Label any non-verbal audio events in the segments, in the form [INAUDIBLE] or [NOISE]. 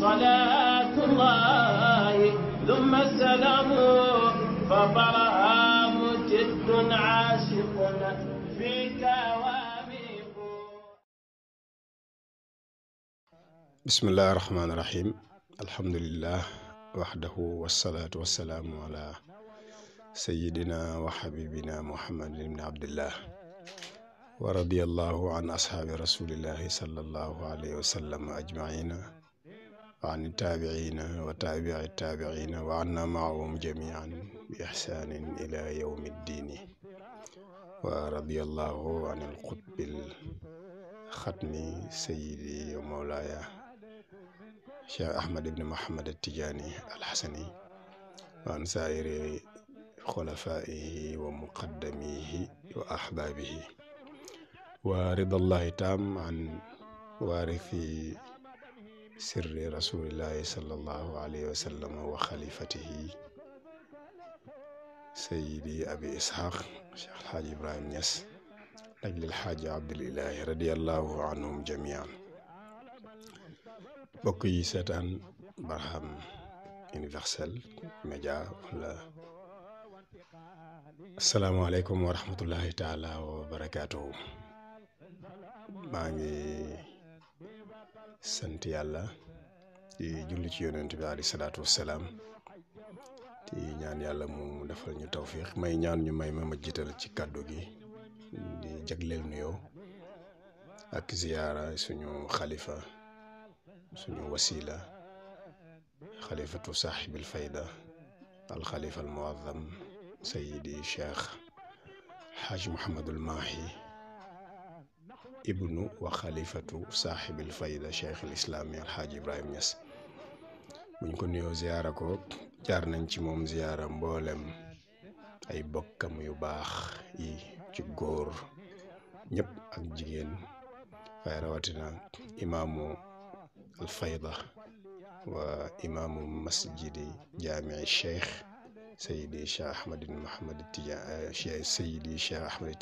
صلاة الله ثم السلام فبرهام جد عاشق فيك واميق بسم الله الرحمن الرحيم الحمد لله وحده والصلاة والسلام على سيدنا وحبيبنا محمد بن عبد الله wa radiyallahu an ashaabi rasulillahi sallallahu alayhi wa sallam ajmaina wa an taabiina wa taabii taabiina wa anna maahum jamian bi ixsaanin ila yawmi ddiini wa radiyallahu an alqutbil xatmi sayidi wa mawlaaya cheikh ahmad ibn mohammad attijaani alxasani wa an saa'iri xulafaaihi wa muqaddamihi wa ahbaabihi wa ridallahi taam an waarifi sirri rasulillahi sallallahu alayhi wa sallam wa xalifatihi sayidi abi ishaq cheikh alxaaji ibrahim ñas ajlil xaaji abdulilahi radiallahu anhum jamian bokk yi seetaan barham universel média wala asalaamaaleykum wa rahmatullahi taala wa barakaatuhu maa ngi sant yàlla di julli ci yonent bi alayhi salaatu wassalaam di ñaan yàlla mu defal ñu tawfiq may ñaan ñu may ma ma jiital ci kàddu gi di jagleel nuyoo ak ziyaara suñu xalifa suñu wasila xalifatu saaxibil fayda alxalifa almuazam sayidi cheikh xaaj Mouhamadul Mahi ibnu wa xalifatu saaxibil fayda cheikh al islaami alxaaj ibrahim ñas buñ ko nuyoo ziyaara ko jaar nañ ci moom ziyaara mboolem ay bokkam yu baax yi ci góor ak jigéen waaye rawatina imaamu alfayda wa imaamu masjidi jaamii cheikh sayidi cheikh ahmadin mohamad tidiane sayidi cheikh ahmad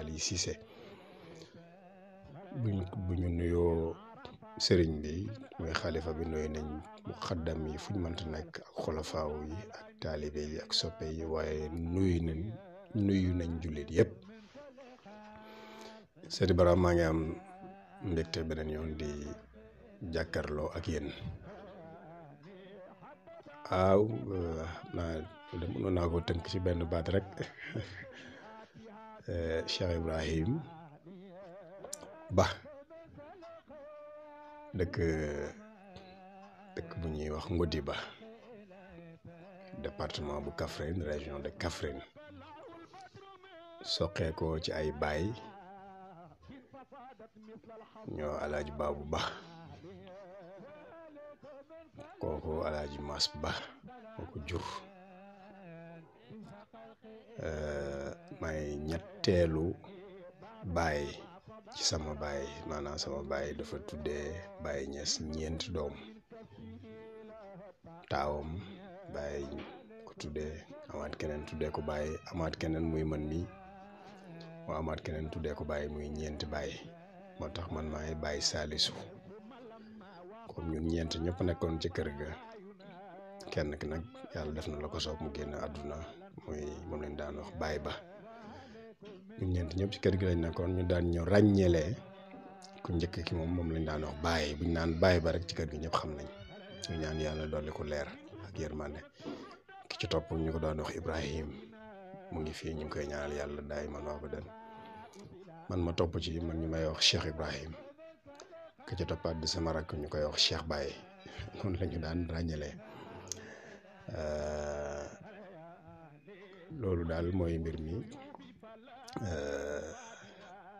ali Cissé buñ bu ñu nuyoo sëriñ bi muy xalifa bi nuyu nañ mu xaddam yi fuñ mënta nekk ak xolofaaw yi ak taalibe ak soppe waaye nuy nañ nuyu nañ jullit yépp sëriñ Bara maa ngi am mbégte beneen yoon di jàkkarloo ak yéen waaw naa mënoon naa ko tënk ci benn baat rek [LAUGHS] eh, Cheikh Ibrahim ba dëkk dëkk bu ñuy wax Ngodi Ba département bu Kaffrine région de Kaffrine soqeekoo ci ay baay ñoo alaaji Baabu Ba kooku alaaji Maas Ba kooku jur may ñetteelu baay sama baay maanaam sama baay dafa tuddee Baay Ñas ñeenti doom taawam baay ko tuddee amaat keneen tuddee ko baay amaat keneen muy man mi moo amaat keneen tuddee ko baay muy ñeenti baay moo tax man maay baay Salisu comme ñun ñeent ñëpp nekkoon ci kër ga kenn ki nag yàlla def na la ko soob mu génn àdduna muy moom lañ daan wax baay ba. ñun ñeent ñëpp ci kër gi lañ nekkoon ñu daan ñu ràññeelee ku njëkk ki moom moom lañ daan wax bàyyi ñu naan bàyyi ba rek ci kër gi ñëpp xam nañ ñu ñaan yàlla dolli ko leer ak yërmande ki ci topp ñu ko daan wax Ibrahim mu ngi fii ñu ngi koy ñaanal yàlla daay man wax ba den man ma topp ci man ñu may wax Cheikh Ibrahim ki ci toppaat di sama rakk ñu koy wax Cheikh Baye [LAUGHS] noonu lañu daan ràññeelee loolu daal mooy mbir mi. Eh,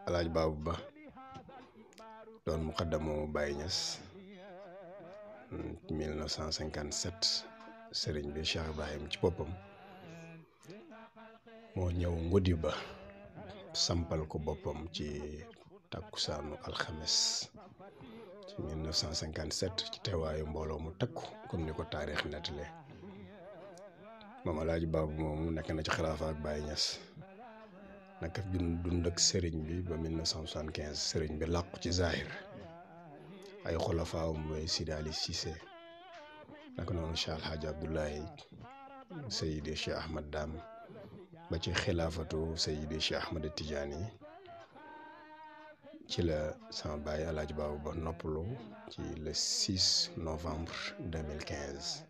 alaaj baabu ba doon muqaddamu Baye Niass 1957 sëriñ bi Cheikh Ibrahim ci boppam moo ñëw nguddi ba sampal ko boppam ci takkusaanu alxames ci 1957 ci teewaayu mbooloo mu takku comme ni ko taarix nettalee moom alaaji baabu moomu nekk na ci xilaafa ak Baye naka dund ak sëriñ bi ba 1975 sëriñ bi làqu ci Zahir ay xulafaam mooy Sidaali Cissé naka noonu Cheikh El Hadj Abdoulaye Seydi Ahmad Dam ba ci xilaafatu Seydi Cheikh Ahmad Tidiane ci la sama baay El Hadj Babou Ba noppalu ci le 6 novembre 2015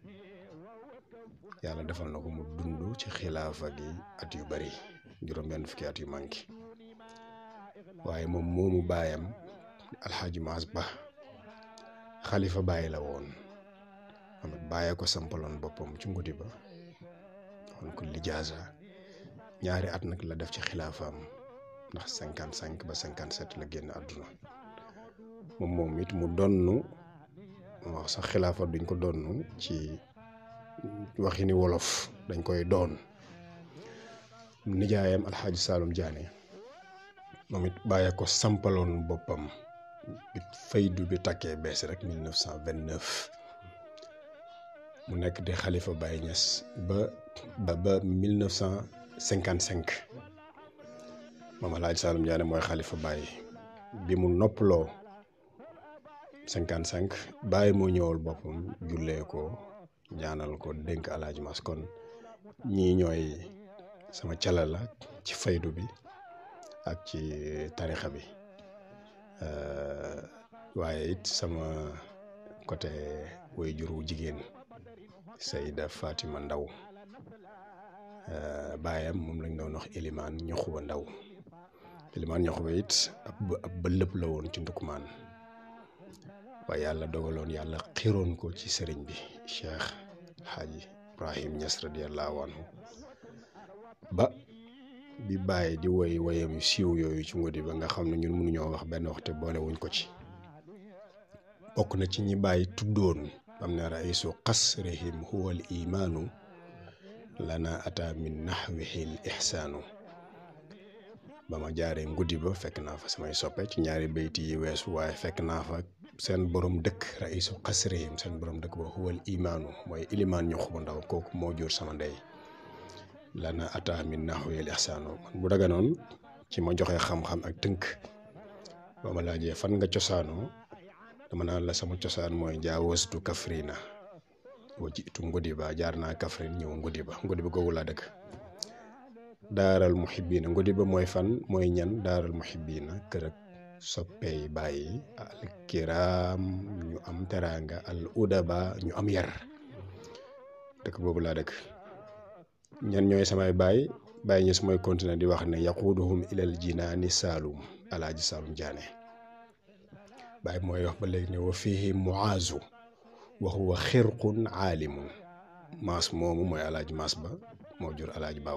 yàlla defal na ko mu dund ci xilaafa gi at yu bari. juróom benn fukki at yu manqué waaye moom moomu baayam alxaaji Maas Ba xalifa bàyyi la woon am bàyyi ko sampaloon boppam ci ngudi ba waxoon ko lijaasa ñaari at nag la def ci xilaafam ndax cinquante cinq ba cinquante sept la génn àdduna moom moom it mu donnu wax sax xilaafa duñ ko donnu ci waxini wolof dañ koy doon nijaayam alxaaji Saloum Diané moom it bàyyee ko sampaloon boppam bi faydu bi takkee bees rek 1929 mu nekk di xalifa Baye Niass ba ba ba 1955 moom alxaaji Saloum Diané mooy xalifa Baye bi mu nopploo 55 Baye moo ñëwul boppam jullee ko ñaanal ko dénk alaaji Mas ñii ñooy. sama calal la ci faydu bi ak ci tarixa bi euh, waaye it sama côté woy juru jigéen Sayda Fatima Ndaw euh, baayam moom lañ doon wax Elimaan Ñoxuba Ndaw Elimaan Ñoxuba it ab ab bëllëb la woon ci Ndukmaan waaye yàlla dogaloon yàlla xiroon ko ci sëriñ bi Cheikh Xaaji Ibrahim Ñas radiyallahu anhu ba bi bàyyi di woy woyam yu siiw yooyu ci ngodi ba nga xam ne ñun mënuñoo wax benn waxte boole wuñ ko ci bokk na ci ñi bàyyi tuddoon am na raisu qasrihim huwa al imaanu lana ata min nahwihi l ihsaanu ba ma jaaree nguddi ba fekk naa fa samay soppe ci ñaari bayti yi weesu waaye fekk naa fa seen borom dëkk raisu qasrihim seen borom dëkk ba huwa al imaanu mooy ilimaan ñu xubu ndaw kooku moo jur sama ndey lana ata min naxweel ixsaano man bu noon ci ma joxe xam-xam ak tënk boo ma laajee fan nga cosaanoo dama naan la sama cosaan mooy jaawastu Kaffrine boo jiitu Ngodiba jaar naa Kaffrine ñëw Ngodiba Ngodiba googu laa dëkk daaral muhibbiina Ngodiba mooy fan mooy ñan daaral muhibbiina kër ak soppeey bàyyi alkiraam ñu am teraanga al udaba ñu am yar dëkk boobu laa dëkk ñan ñooy samay baay bàyyi ñës mooy continuer di wax ne yaquuduhum ilal jinaani saalum alaaji saalum jaane bàyyi mooy wax ba léegi ne wa fihi muaazu wa huwa xirqun aalimun mooy alaaji maas ba moo jur alaaji ba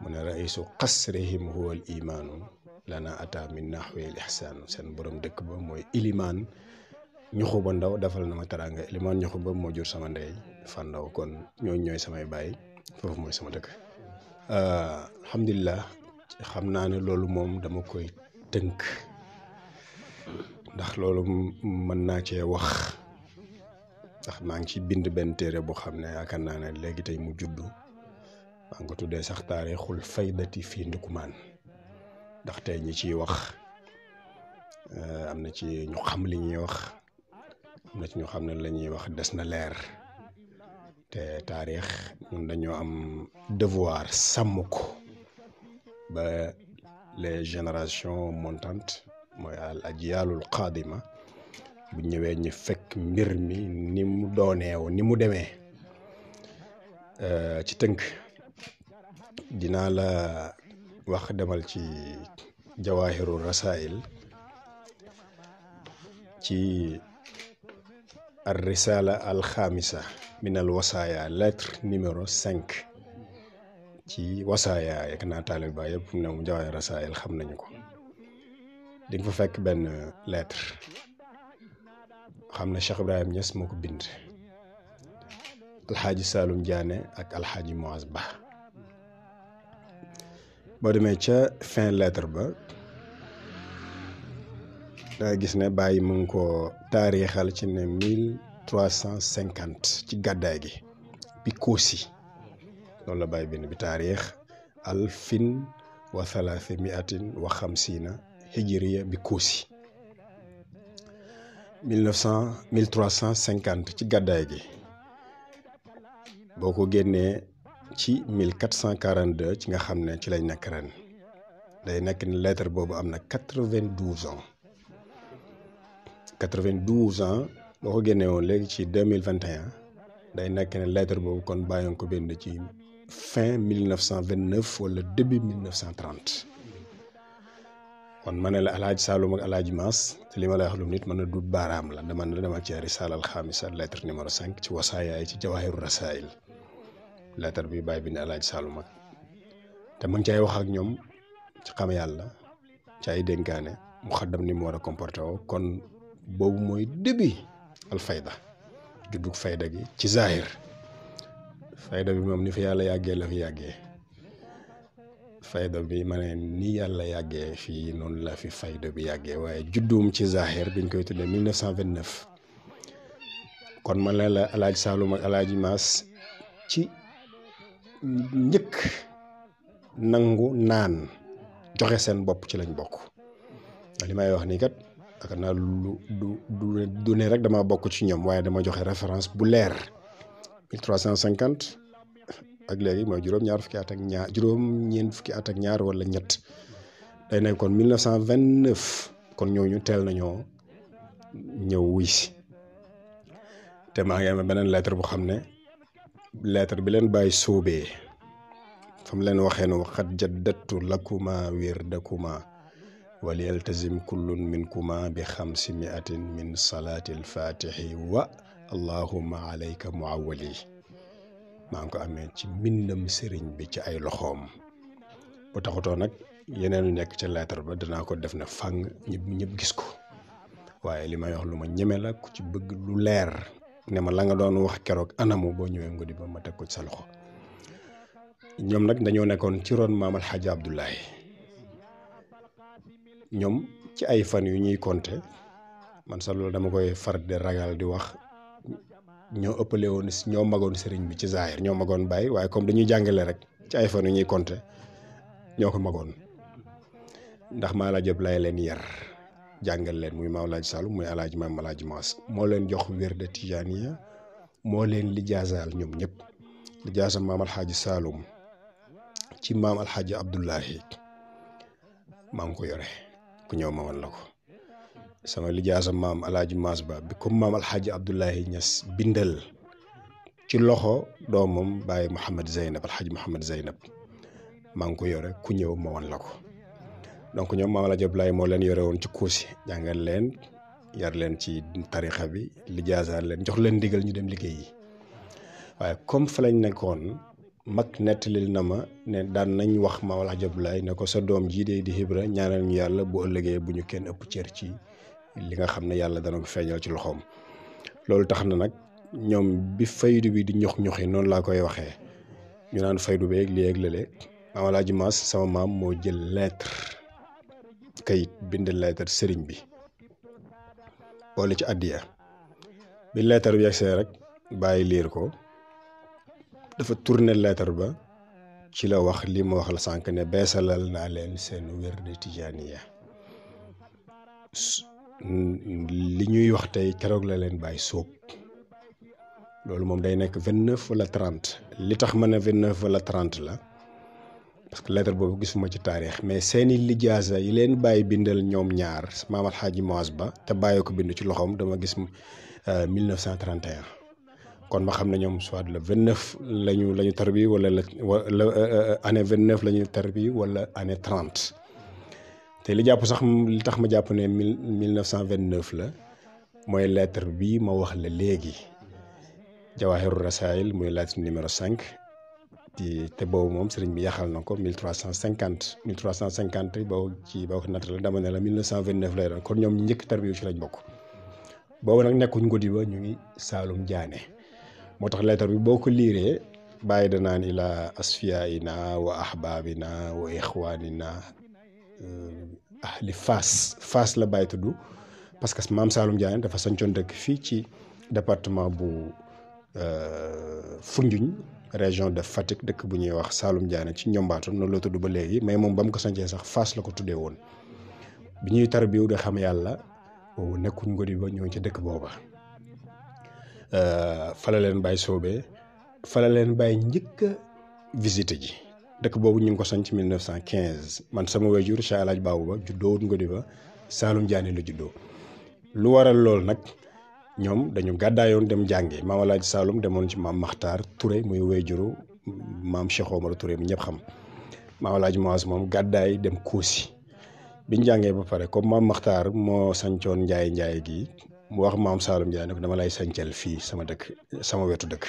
mu ne raisu qasrihim huwa lana ata min nahwi al ihsaanu seen borom dëkk ba mooy ilimaan ñuxu ba ndaw defal na ma teraanga ilimaan ñuxu ba moo jur sama ndey fan kon ñooñ ñooy samay baay foofu mooy sama dëkk euh, alhamdulilah xam naa ne loolu moom dama koy tënk ndax loolu mën naa cee wax ndax maa ngi ci bind benn téere boo xam ne yaakaar naa ne léegi tey mu juddu maa ko tuddee sax taarixul faydati fii Ndoukoumane ndax tey ñi wax euh, am na ci ñu xam li ñuy wax am na ci ñu xam ne la wax des na leer te taarix ñun dañoo am devoir sàmm ba les génération montant mooy al ajyaalul qaadima bu ñëwee ñu fekk mbir mi ni mu dooneew ni mu demee euh, ci tënk dinaa la wax demal ci jawaahiru rasail ci ar risala al xaamisa minal wasaaya lettre numéro cinq ci wasaaya yekk naa taalib ba yëpp ne mu jawaay rasaayil xam nañu ko di nga fa fekk benn lettre xam ne Cheikh Ibrahim Niass moo ko bind alxaaji Saloum Diané ak alxaaji Moaz Ba boo demee ca fin lettre ba danga gis ne bàyyi mu ngi ko taarixal ci ne mille trois cent ci gàddaay gi bi koosi loolu la bàyyi bind bi taarix alfin wa thalathi miatin wa xamsina hijriya bi koosi mille neuf cent mille trois cent cinquante ci gàddaay gi boo ko génnee ci mille quatre cent quarante ci nga xam ne ci lay nekk ren day nekk ni lettre boobu am na quatre vingt douze ans quatre vingt douze ans boo ko génne woon léegi ci deux mille vingt et un day nekk ne lettre boobu kon bàyyi ko bind ci fin mille neuf cent vingt neuf wala début mille neuf kon ma ne la alaaji Saalum ak alaaji Maas te li ma lay wax lu nit mën a dut baaraam la dama ne dama ci risaala al xaamisa lettre numéro cinq ci wasaayaay ci jawaahiru rasaayil lettre bi bàyyi bind alaaji Saalum ak te mu cay wax ak ñoom ci xam yàlla ci ay dénkaane mu xaddam ni mu war a comporté woo kon boobu mooy début. alfayda juddug fayda gi ci zahir fayda bi moom ni fi yàlla yàggee la fi yàggee fayda bi ma ne ni yàlla yàggee fii noonu la fi fayda bi yàggee waaye judduum ci zahir biñ koy tuddee 1929 kon man la la alaaj Saalum ak alaaj Maas ci njëkk nangu naan joxe seen bopp ci lañ bokk li may wax nii kat yaakaar naa lu du du du ne rek dama bokk ci ñoom waaye dama joxe référence bu leer mille cent cinquante ak léegi mooy juróom-ñaar fukki at ñaar juróom fukki at ak ñaar wala ñett day nekk kon vingt neuf kon ñooñu teel nañoo ñëw wuy te maa ngi amee beneen lettre bu xam ne lettre bi leen bàyyi sóobee fam leen waxee ne waxat jaddatu lakkuma wér dakuma wal yaltazim kullun minkuma bi xamsi miatin min salaati alfaatixi wa allahuma alayka muawali maa ngi ko amee ci mbindam sëriñ bi ci ay loxoom bu taxutoo nag yeneen yu nekk ca lettre ba danaa ko def na fàng ñëpp ñëpp gis ko waaye li may wax lu ma ñeme la ku ci bëgg lu leer ne ma la nga doon wax keroog anamu boo ñëwee nga di ba ma teg ko ci sa loxo ñoom nag dañoo nekkoon ci roon maam Alxaaji Abdoulaye ñoom ci ay fan yu ñuy compté man sax loolu dama koy far di ragal di wax ñoo ëppale woon ñoo magoon sëriñ bi ci zaahir ñoo magoon bàyyi waaye comme dañuy jàngale rek ci ay yu ñuy compté ñoo ko magoon ndax maa laa jëb lay leen yar jàngal leen muy maam laaj Saalum muy alaaj maam alaaj Maas moo leen jox wér de tijaaniya moo leen lijaasaal ñoom ñëpp lijaasa maam alxaaji Saalum ci maam alxaaji Abdullahi maa ngi ko yore ku ñëw ma wan la ko sama lijaasa maam alaaji Maas Ba bi comme maam alxaaji Abdoulahi Niass bindal ci loxo doomam bàyyi Mouhamed Zeynab alxaaji Mouhamed Zeynab maa ngi ko yore ku ñëw ma wan la ko donc ñoom maam alaaji Abdoulahi moo leen yore woon ci kuusi jàngal leen yar leen ci tarixa bi lijaasa leen jox leen ndigal ñu dem liggéey yi waaye comme fa nekkoon mag nettalil na ma ne daan nañ wax Maam El Hadj Abdoulaye ne ko sa doom jii dee di Ibra ñaanal ñu yàlla bu ëllëgee bu ñu kenn ëpp cër ci li nga xam ne yàlla dana ko feeñal ci loxoom loolu tax na nag ñoom bi faydu bi di ñox ñoxi noonu laa koy waxee ñu naan faydu beeg lii ak lële Maam El Hadj Mass sama maam moo jël lettre kayit bind lettre sëriñ bi boole ci addiya bi lettre bi yegsee rek bàyyi liir ko dafa tourné lettre ba ci la wax lii ma wax la sànq ne beesalal naa leen seen wér de tijaaniya li ñuy wax tey keroog la leen bàyyi sóob loolu moom day nekk vingt neuf wala trente li tax ma ne vingt neuf wala trente la parce que boobu gisuma ci taarix mais seeni lijaasa yi leen bàyyi bindal ñoom ñaar maam Alxaaji Muas ba te bàyyi ko bind ci loxoom dama gis 1931. Euh, kon ma xam ne ñoom soit le vingt neuf la ñu la ñu tarbi wala la euh, année vingt la ñu tarbi wala année trente te li jàpp sax li tax ma jàpp ne mille neuf cent vingt neuf la mooy lettre bi ma wax la léegi jawaahiru rasaayil muy lettre numéro cinq te boobu moom sëriñ bi yaxal na ko mille trois cent cinquante mille trois cent cinquante boobu ci boo ko nattale dama ne la mille neuf cent vingt kon ñoom njëkk tarbi yu ci lañ bokk boobu nag nekkuñ guddi ba ñu ngi Saalum Jaane moo tax leetar bi boo ko liiree bàyyi danaan ila asfiyaina wa ahbabina wa ixwanina euh, ahli Fass Fass la bàyyi tudd parce que maam Saalum Diané dafa sancoon dëkk fii ci département bu euh, Foundiougne région de Fatick dëkk bu ñuy wax Saalum Diané ci ñombaatoon noonu la tudd ba léegi mais moom ba ko sancee sax Fass la ko tuddee woon bi ñuy tarbiw de xam yàlla boobu nekkuñ ngodi ba ñëw ci dëkk booba Euh, fala leen bàyyi soobee fala leen bàyyi njëkk a visité ji dëkk boobu ñu ngi ko soñ ci 1915 man sama wajur Cheikh El Hadj Babou Ba juddoo Ngodi Ba Saalum Diané la juddoo lu waral loolu nag ñoom dañu gàddaayoon dem jàngi maam Saalum demoon ci maam Makhtar Touré muy wajuru maam Cheikh Omar Touré mi ñëpp xam maam El Hadj moom gàddaay dem Koosi biñ jàngee ba pare comme maam Makhtar moo sañcoon Njaay Njaay gi mu wax maam Saalum Ndiaye ne ko dama lay sañcal fii sama dëkk sama wetu dëkk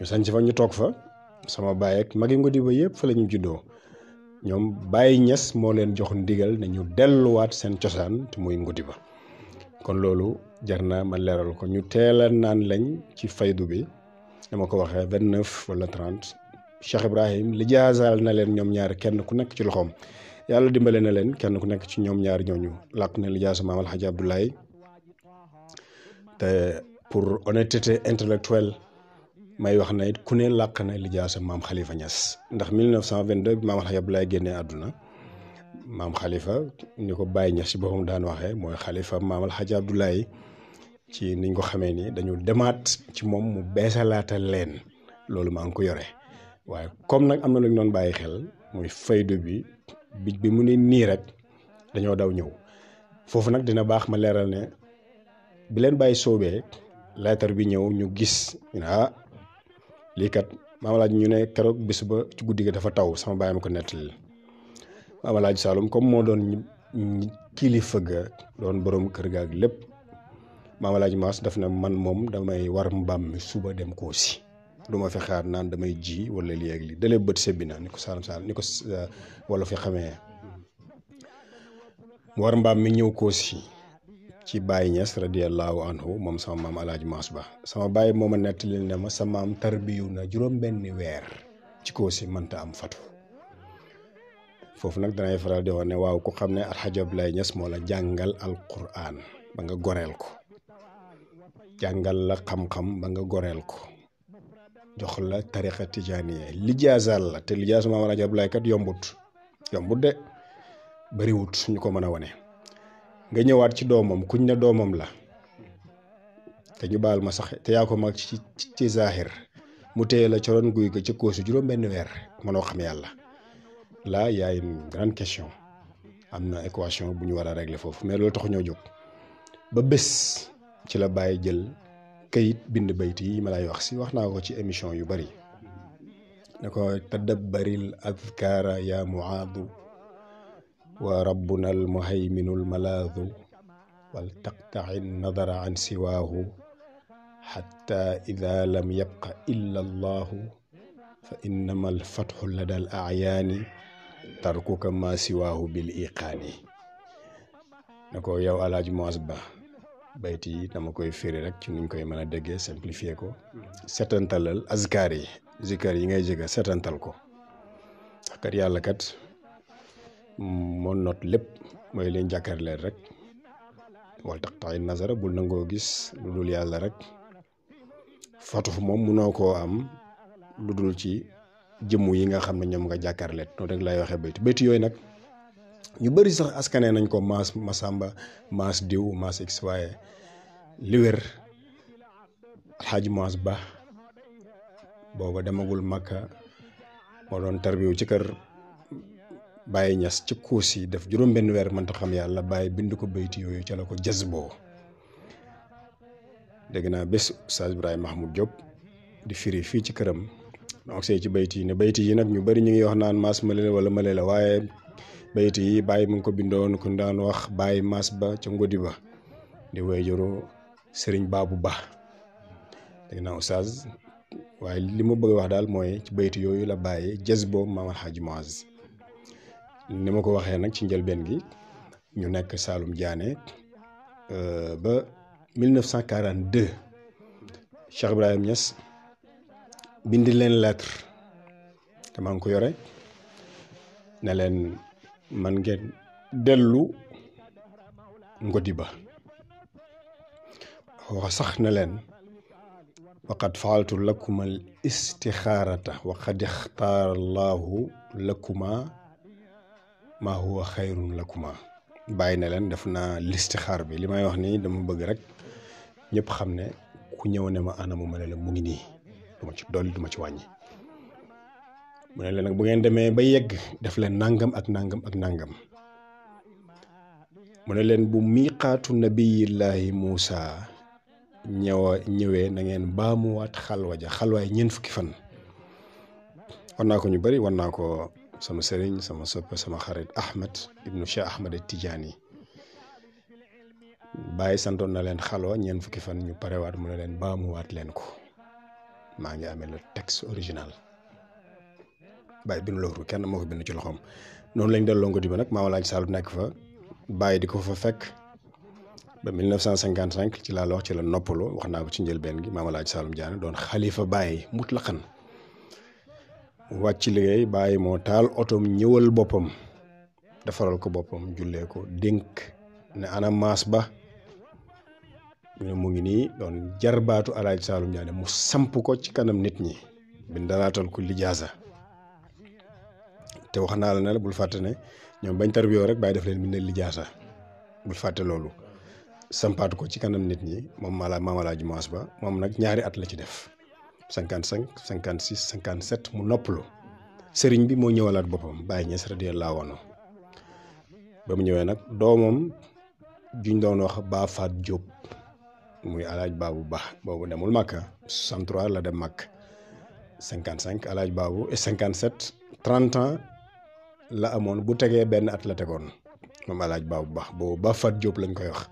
ñu sañc fa ñu toog fa sama baay ak magi ngodi ba yëpp fa la ñu juddoo ñoom bàyyi Niass moo leen jox ndigal nañu delluwaat seen cosaan te muy ngodi ba kon loolu jar na ma leeral ko ñu teela naan lañ ci faydu bi dama ko waxee vingt neuf wala trente Cheikh Ibrahim li jaasaal na leen ñoom ñaari kenn ku nekk ci loxoom yàlla dimbale na leen kenn ku nekk ci ñoom ñaar ñooñu làq na li jaasa maam Alxaaji Abdoulaye pour honnêteté intellectuelle may wax na it ku ne làq na lijaa lijaasa maam xalifa ñas ndax 1922 bi maam El Hadj Abdoulaye génnee àdduna maam xalifa ni ko bàyyi Niass ci boppam daan waxee mooy xalifa maam El Hadj Abdoulaye ci niñ ko xamee nii dañu demaat ci moom mu beesalaatal leen loolu maa ngi ko yore waaye comme nag am na lu ñu bàyyi xel muy faydu bi bij bi mu ni nii rek dañoo daw ñëw foofu nag dina baax ma leeral ne. bi leen bàyyi soobee leetar bi ñëw ñu gis ñu ah lii kat maam ñu ne keroog bés ba ci guddi gi dafa taw sama bàyyi ma ko nettali la laaj Saloum comme moo doon kilifa ga doon borom kër gaag lépp maam laaj Maas daf ne man moom damay war mbaam mi suba dem koo si ma fi xaar naan damay ji wala lii ak lii dalee bët sebbi na ni ko Saloum Saloum ni ko euh, wala fi xamee war mbaam mi ñëw koo ci Baye Niass radiallahu anhu moom sama maam Alaaji Maas Ba sama baay mooma nettali ne ma sa maam tarbiyu na juróom-benni weer ci koo si mënta am fatu foofu nag danay faral di wax ne waaw ku xam ne Alxaaji Ablaye Niass moo la jàngal alquran ba nga goreel ko jàngal la xam-xam ba nga goreel ko jox la tariqa tijaaniya lijaasal la te lijaas maam Alaaji Ablaye kat yombut yombut de bariwut ñu ko mën a wane nga ñëwaat ci doomam kuñ ne doomam la te ñu baal ma sax te yaa ko mag ci ci mu téye la coroon guy ga ca koosu juróom benn weer mënoo xam yàlla là y grand question am na équation bu ñu war a régler foofu mais loolu tax ñoo jóg ba bés ci la bàyyi jël kayit bind bayt yi ma lay wax si wax naa ko ci émission yu bari ne ko tadabbaril azkara ya muaadu wa rabbuna almuhayminu almalaadu wal taqtaci nadara an siwaahu xatta ida lam yabqa illa allahu fa innama lada al tarkuka ma siwaahu bil iqaani na ko yow alaaj moas ba bayt yi dama koy firi rek ci nuñ koy mën a déggee simplifier ko yi ngay jega setantal ko kat moo noot lépp mooy leen jàkkaarleel rek wal tax taxi nasara bul nangoo gis lu dul yàlla rek fatuf moom munoo koo am lu dul ci jëmm yi nga xam ne ñoom nga jàkkaarleet noonu rek lay waxee baytu baytu yooyu nag ñu bari sax askanee nañ ko maas masamba maas diw maas x waaye li wér ba booba demagul màkka moo doon tarbiwu ci kër Baye ñas ci kuus yi def juróom benn weer mënta xam yàlla Baye bind ko bayti yooyu ca la ko jazboo dégg naa bés Oustaz Ibrahima Mahmoud Diop di firi fii ci këram donc sey ci bayti yi ne bayti yi nag ñu bari ñu ngi wax naan maas male la wala male la waaye bayti yi Baye mu ngi ko bindoon ku daan wax Baye maas ba ca ngodi ba di way joro sëriñ Baabu Ba dégg naa Oustaz waaye li ma bëgg wax daal mooy ci bayti yooyu la Baye jazboo Maam Alxaaji Muaz ni ma ko waxee nag ci njëlbeen gi ñu nekk Saalum Diané euh, ba 1942 Cheikh Ibrahim Niass leen lettre te maa ngi ko yore ne leen man ngeen dellu ngodi ba wax sax na leen waqad faaltu lakuma al istixaarata waqad ixtaara maa huwa xayrun lakuma bàyyi na leen def naa xaar bi li may wax ni dama bëgg rek ñépp xam ne ku ñëw ne ma ana mu ma ne la mu ngi nii duma ci dolli duma ci wàññi mu ne leen bu ngeen demee ba yegg def leen nangam ak nangam ak nangam mu ne leen bu miiqaatu nabiyillahi Muusa ñëwa ñëwee na ngeen baamuwaat xalwa ja xalwaay ñeent fukki fan war naa ko ñu bari war naa ko sama sëriñ sama soppe sama xarit Ahmed ibnu Cheikh Ahmed Tidiane bàyyi santoon na leen xaloo ñeen fukki fan ñu pare parewaat mu ne leen waat leen ko maa ngi amee le texte original bàyyi bindu looru kenn moo ko bind ci loxoom noonu lañ delloo ngodi ba nag maa walaaj Sall nekk fa bàyyi di ko fa fekk ba 1955 ci laa la wax ci la noppaloo wax naa ko ci njëlbeen gi maam Alaaji Saalum Diané doon xalifa bàyyi mutlaqan wàcc liggéey bàyyi moo taal otoom ñëwal boppam defaral ko boppam jullee ko dénk ne ana maas ba mu ne mu ngi nii doon jarbaatu alaaji Saalum Diané mu samp ko ci kanam nit ñi bindalaatal ko lijaasa te wax naa la ne la bul fàtte ne ñoom bañ tarbiyoo rek bàyyi def leen bindal lijaasa bul fàtte loolu sampaatu ko ci kanam nit ñi moom mala maam alaaji maas ba moom nag ñaari at la ci def 55 56 57 mu noppalu sëriñ bi moo ñëwalaat boppam Baye Niass radiyallahu anhu ba mu ñëwee nag doomam juñ doon wax Ba Faat Diop muy alaaj baabu baax boobu demul Màkka 63 la dem Màkk 55 alaaj baabu et 57 30 ans la amoon bu tegee benn at la tegoon moom alaaj baabu baax boobu Ba Faat Diop lañ koy wax.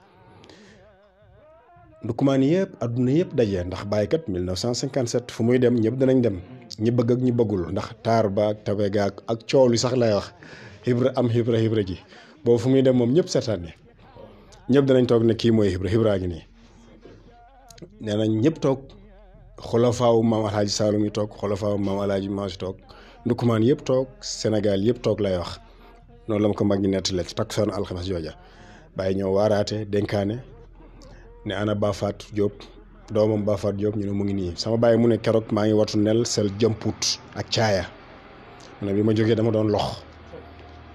ndukkumaan yëpp àdduna yëpp daje ndax Baye kat 1957 fu muy dem ñëpp danañ dem ñi bëgg ak ñi bëggul ndax taar ba ak tabe ga ak coow li sax lay wax Ibra am Ibra Ibra ji boobu fu muy dem moom ñëpp seetaan yi ñëpp danañ toog ne kii mooy Ibra Ibra ngi nii nee nañ ñëpp toog xolofaawu maam Alaaji Saalum yi toog xolofaawu maam Alaaji si toog ndukkumaan yëpp toog Sénégal yëpp toog lay wax noonu la ma ko mag ñi nettali ci takkusaan alxames jooja bàyyi ñëw waaraate dénkaane ne ana Bafat Diop doomam Bafat Diop ñu ne mu ngi nii sama bàyyi mu ne keroog maa ngi watu nel sel jëmput ak caaya mu ne bi ma jógee dama doon lox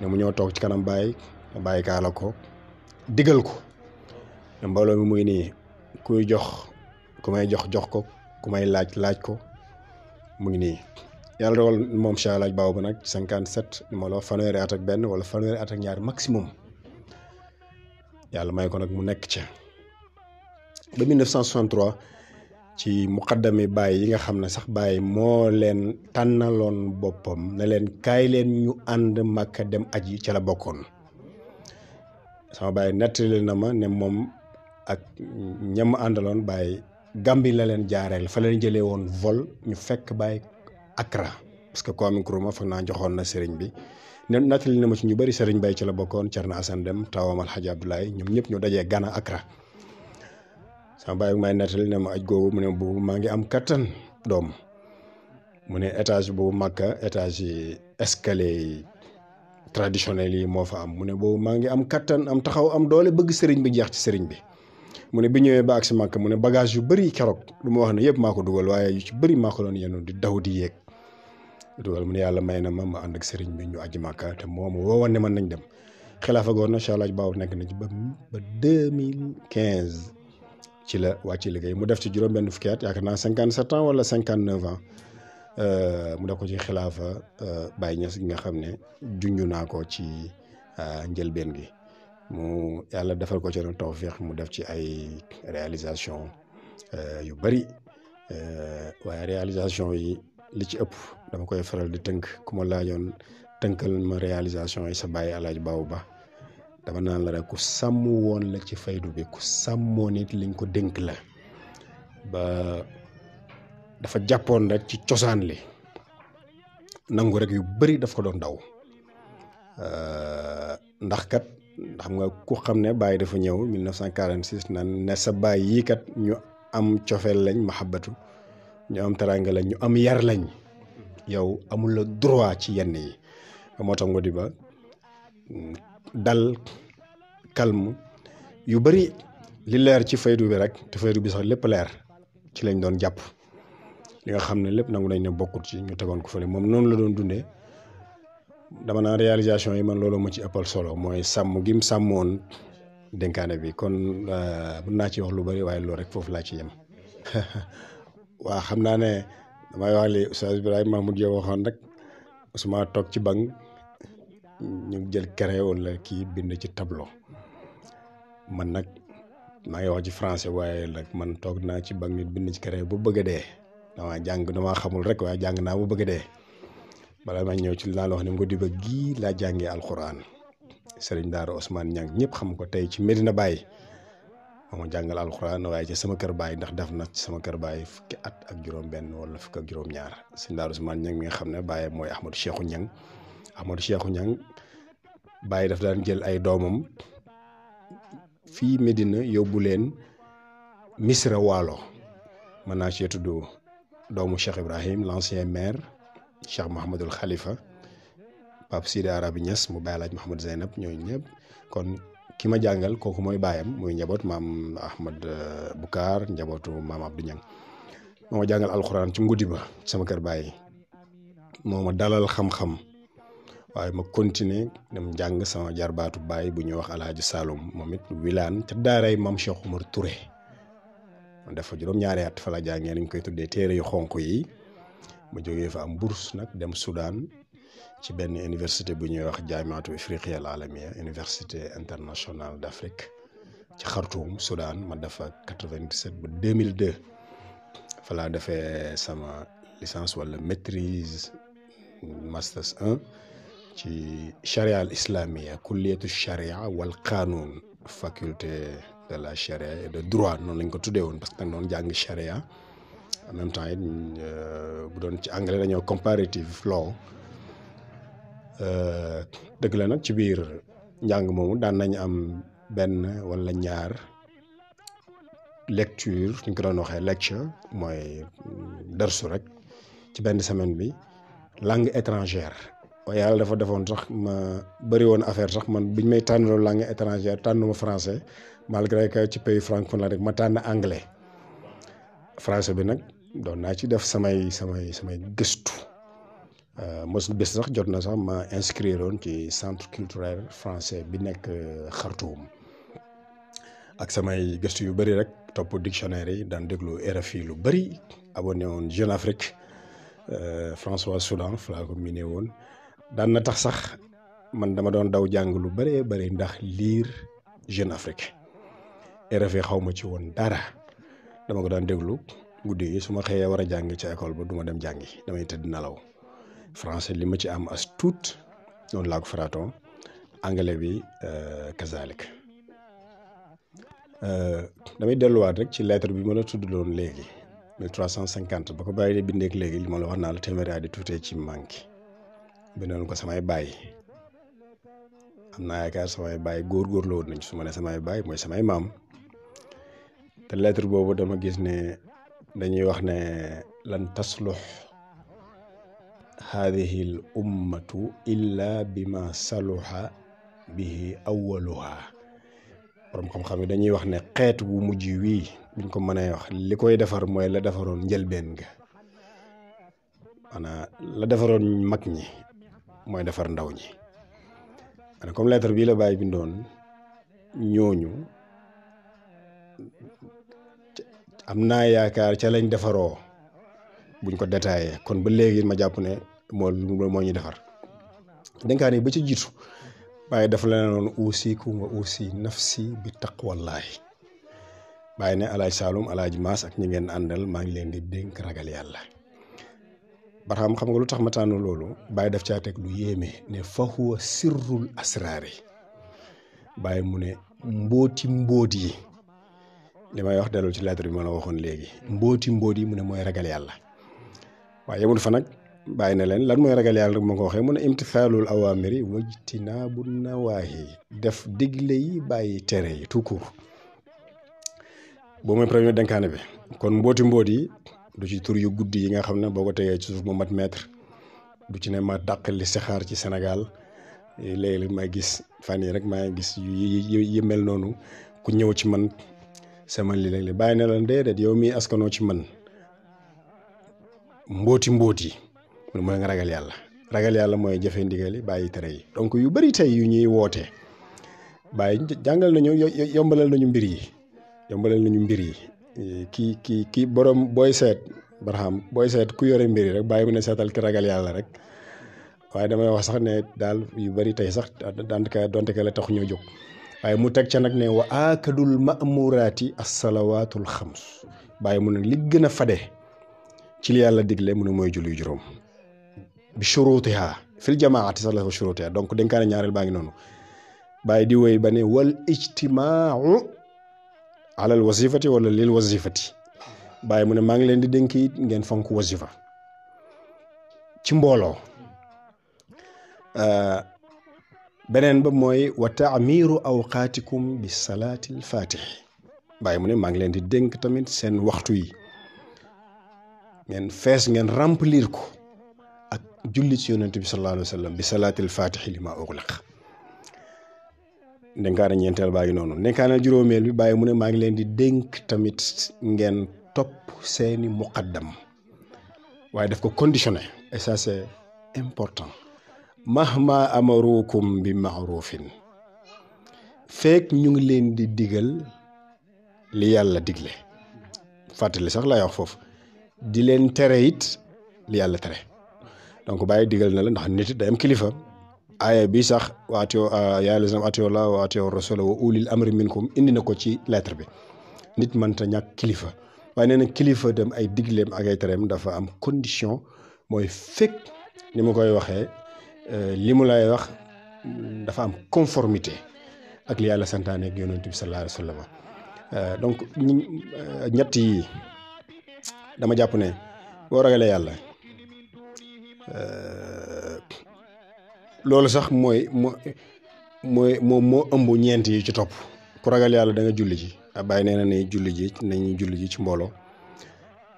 ne mu ñëw toog ci kanam bàyyi bàyyi kaala ko digal ko mbooloo mi muy nii kuy jox ku may jox jox ko ku may laaj laaj ko mu ngi nii yàlla dogal moom Cheikh Alaaji Baaba nag cinquante sept ma la fanweeri at ak benn wala fanweeri at ak ñaar maximum yàlla may ko nag mu nekk ca ba 1963 ci muqaddami baay yi nga xam ne sax baay moo leen tànnaloon boppam ne leen kaay leen ñu ànd Màkka dem aj yi ca la bokkoon sama baay nettali na ma ne moom ak ñam àndaloon baay Gàmbi la leen jaareel fa leen jëlee woon vol ñu fekk baay Accra parce que Kwame Nkrumah foog naa joxoon na sëriñ bi ne nettali na ma ci ñu bari sëriñ Baay ci la bokkoon Thierno Assane dem tawam Alhaji Abdoulaye ñoom ñëpp ñu dajee Gana Accra sama baay may nettali ne ma aj googu mu ne boobu maa ngi am kattan doom mu ne étage boobu màkka étage yi escalier yi traditionnel yi moo fa am mu ne boobu maa ngi am kattan am taxaw am doole bëgg sëriñ bi jeex ci sëriñ bi mu ne bi ñëwee ba si màkka mu ne bagage yu bëri keroog lu ma wax ne yëpp maa ko dugal waaye yu ci bëri maa ko doon yenu di daw di yéeg dugal mu ne yàlla may na ma ma ànd ak sëriñ bi ñu aji màkka te moom ma woowoon ne nañ dem xilaafa goor na Cheikh nekk na ci ba ba ci la ci liggéey mu def ci juróom benn fukki at yaakaar naa cinquante sept ans wala cinquante neuf ans euh, mu def ko ci xilaafa euh, Baye Niass gi nga xam ne junj naa ko ci euh, njëlbeen gi mu yàlla defal ko ci doon tawféex mu def ci ay réalisation yu bëri waaye réalisation yi li ci ëpp dama koy faral di tënk ku ma tënkal ma réalisation yi sa Baye El Hadj Babou Ba dama naan la rek ku sàmm woon la ci faydu bi ku sàmmoon nit liñ ko dénk la ba dafa jàppoon rek ci cosaan li nangu rek yu bari daf ko doon daw ndax kat xam nga ku xam ne bàyyi dafa ñëw 1946 nan ne sa baay yii kat ñu am cofeel lañ mahabbatu ñu am teraanga lañ ñu am yar lañ yow amul la droit ci yenn yi moo tax nga ba dal calme yu bari li leer ci faydu bi rek te faydu bi sax lépp leer ci lañ doon jàpp li nga xam ne lépp nangu nañ ne bokkut ci ñu tegoon ko fële moom noonu la doon dundee dama naan réalisation yi man loolu ma ci ëppal solo mooy sàmm sàmm woon dénkaane bi kon euh, mën naa ci wax lu bari waaye loolu rek foofu laa ci yem [LAUGHS] waa xam naa ne damay wax li Oustaz Ibrahima Mahmoud Diop waxoon rek Ousmane toog ci bang ñu jël crayon la kii bind ci tableau man nag maa ngi wax ci français waaye nag man toog naa ci bag nit bind ci kere bu bëgg a dee damaa jàng damaa xamul rek waaye jàng naa bu bëgg dee bala maa ñëw ci laa la wax ne mu ko diba gii laa jàngee alxuraan sëriñ Daara Ousmane Niang ñëpp xam ko tey ci Medina bàyyi moo ma jàngal alxuraan waaye ci sama kër Baye ndax def na ci sama kër Baye fukki at ak juróom-benn wala fukk juróom-ñaar sëriñ Daara Ousmane Niang mi nga xam ne Baye mooy Ahmadou Cheikhou Niang Amadou Cheikhou Niang bàyyi daf daan jël ay doomam fii Medina yóbbu leen Misra Waalo mën naa cee tudd doomu Cheikh Ibrahim l'ancien maire Cheikh Mouhamadul Khalifa Pape Sidi Arabi Niass mu bàyyi laaj Mouhamad Zeynab ñooñu ñëpp kon ki ma jàngal kooku mooy baayam muy njaboot maam Ahmad euh, Boucar njabootu maam Abdou Niang moo ma jàngal alxuraan ci nguddi ba sama kër bàyyi moo ma dalal xam-xam waaye ma continuer dem jàng sama jarbaatu baay bu ñuy wax Alaaji Saloum moom it wilaan ca daaray Mam Cheikh Oumar Touré dafa juróom-ñaari at fa la jàngee nañ koy tuddee téere yu xonq yi ma jógee fa am bourse nag dem Soudan ci benn université bu ñuy wax Jaamiatu Ifriqiya al Alamiya université internationale d'Afrique ci Khartoum Soudan ma dafa 97 ba 2002 fa laa defee sama licence wala maîtrise masters ci charia al islamia kulliyatu charia wal qanun faculté de la charia de droit noonu lañ ko tuddee woon parce que nag noonu jàng charia en même temps it euh, bu doon ci anglais dañoo comparative law euh, dëgg la nag ci biir njàng moomu daan nañ am benn wala ñaar lecture ñu ko doon waxee lecture mooy mm, dërsu rek ci benn semaine bi langue étrangère waaye yàlla dafa defoon sax ma bëri woon affaire sax man biñ may tànnaloo langue étrangère tànnuma français malgré que ci pays francophone la rek ma tànn anglais français bi nag doon naa ci def samay samay samay gëstu euh, mos bés sax jot na sax ma inscrire woon ci centre culturel français bi nekk euh, Khartoum ak samay gëstu yu bëri rek topp dictionnaire yi daan déglu fii lu bëri abonné woon Jeune Afrique euh, François Soudan fa laa ko woon daan na tax sax man dama doon daw jàng lu bëree bëri ndax liir Jeune Afrique RFI xaw ma ci woon dara dama ko daan déglu guddi yi su ma xëyee war a jàng ci école ba duma dem jàngi damay tëdd nelaw français li ma ci am as tuut noonu laa ko faraatoon anglais bi euh, kazalik euh, damay delluwaat rek ci lettre bi ma la tudd loon léegi 1350 ba ko bàyyi de bindeek léegi li ma la wax naa la téeméeri at di tuutee ci manqué bindoon ko samay baay am naa yaakaar samay baay góor-góorlu woon nañ su ma ne samay baay mooy samay maam te lettre boobu dama gis ne dañuy wax ne lan taslux haadihi l ummatu illa bima saluha bihi awaluha borom xam-xam dañuy wax ne xeet wu mujj wii buñ ko mënee wax li koy defar mooy la defaroon njëlbeen ga maanaam la defaroon mag ñi mooy defar ndaw ñi man kom lettre bii la bàyyi bindoon ñooñu am naa yaakaar ca lañ defaroo buñ ko detaayee kon ba léegi ma jàpp ne moo moo ñuy defar dénkaane ba ci jiitu bàyyi dafa la noonu uusiku wa uusi nafsi bi taqwallaahi bàyyi ne alaaj saalum alaaj maas ak ñi ngeen àndal maa ngi leen di dénk ragal yàlla barxam xam nga lu tax ma tànn loolu bàyyi def caa teg lu yéeme ne fa huwa sirrul asraari bàyyi mu ne mbooti mbóot yi li may wax dellu ci lettre bi ma la waxoon léegi mbooti mbóot yi mu ne mooy ragal yàlla waaye yemul fa nag bàyyi na leen lan mooy ragal yàlla rek ma ko waxee mu ne imtithaalul awaamiri wajtinaabu nawaahi def digle yi bàyyi tere yi tout court boo mooy premier dénkaane bi kon mbooti mboot yi du ci tur yu guddi yi nga xam ne boo ko tegee ci suuf mu mat mètre du ci ne ma dàqal li saxaar ci Sénégal léegi may gis fan rek maa ngi gis yu yi mel noonu ku ñëw ci man sama li léeg-léeg bàyyi na la déedéet yow mii askanoo ci man mbooti mbooti mun mën nga ragal yàlla ragal yàlla mooy jafe ndigal yi bàyyi tere yi donc yu bëri tey yu ñuy woote bàyyi jàngal nañu yombalal nañu mbir yi yombalal nañu mbir yi kii kii kii borom booy seet barxam booy seet ku yore mbir yi rek bàyyi mu ne seetal ki ragal yàlla rek waaye damay wax sax ne daal yu bari tey sax daanaka donte ka la tax ñoo jóg waaye mu teg ca nag ne wa aakadul mamuraati assalawaatul xams bàyyi mu ne li gën a fade ci li yàlla digle mu ne mooy julli juróom bi shurutiha fil jamaati sax la ko shurutiha donc dénkaane ñaareel baa ngi noonu bàyyi di wéy ba ne wal ijtimaau alal wasifati wala lil wasifati baay mu ne maa ngi leen di denk it ngeen fonk wasifa ci mbooloo euh, beneen ba mooy wa taamiru awqaatikum bi salaatil fatixi bàyyi mu ne maa ngi leen di dénk tamit seen waxtu yi ngeen fees ngeen remplir ko ak julli ci yonent bi sallallahu alayhi wa bi salaatil fatixi li ma uxlaq ndenkaane ñeenteel baa ngi noonu ndenkaane juróomeel bi bàyyi mu ne maa ngi leen di dénk tamit ngeen topp seeni muqaddam waaye def ko conditionné et ça c'est important mahma amarukum bi maarufin feek ñu ngi leen di digal li yàlla digle fàttali sax laay wax foofu di leen tere it li yàlla tere donc bàyyi digal na la ndax nit day am kilifa aaya bi sax wa atiyo yaa lislam atiyo la wa atiyo rasula wa ulil amri minkum indi na ko ci lettre bi nit mënta ñàkk kilifa waaye nee na kilifa dem ay digleem ak ay tereem dafa am condition mooy fekk ma koy waxee e, li wax dafa am conformité ak li yàlla santaane ak yonent bi sallallahu alayhi e, donc e, ñett dama jàpp ne boo ragalee yàlla loolu sax mooy moo mooy moom moo ëmb ñeent yi ci topp ku ragal yàlla danga julli ji bàyyi nee na ne julli ji nañuy julli ji ci mbooloo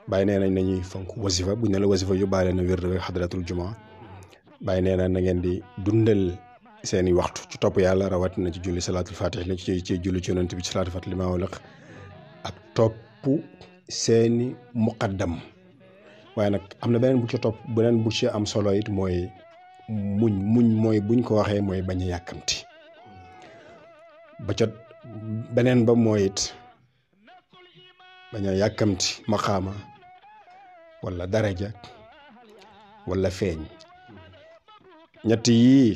bàyyi nee nañ nañuy fonk wasifa bu ne la wasifa yóbbaale na wér rek xadratul juma baay nee na na ngeen di dundal seeni waxtu ci topp yàlla rawat na ci julli salaatul fatih na ci ci julli ci yonent bi ci salaatul fatih li maa walaq ak topp seeni muqaddam waaye nag am na beneen bu ci topp beneen bu ci am solo it mooy muñ muñ mooy buñ ko waxee mooy bañ a yàkkamti ba ca beneen ba mooy it bañ a yàkkamti maqaama wala daraja wala feeñ ñett yii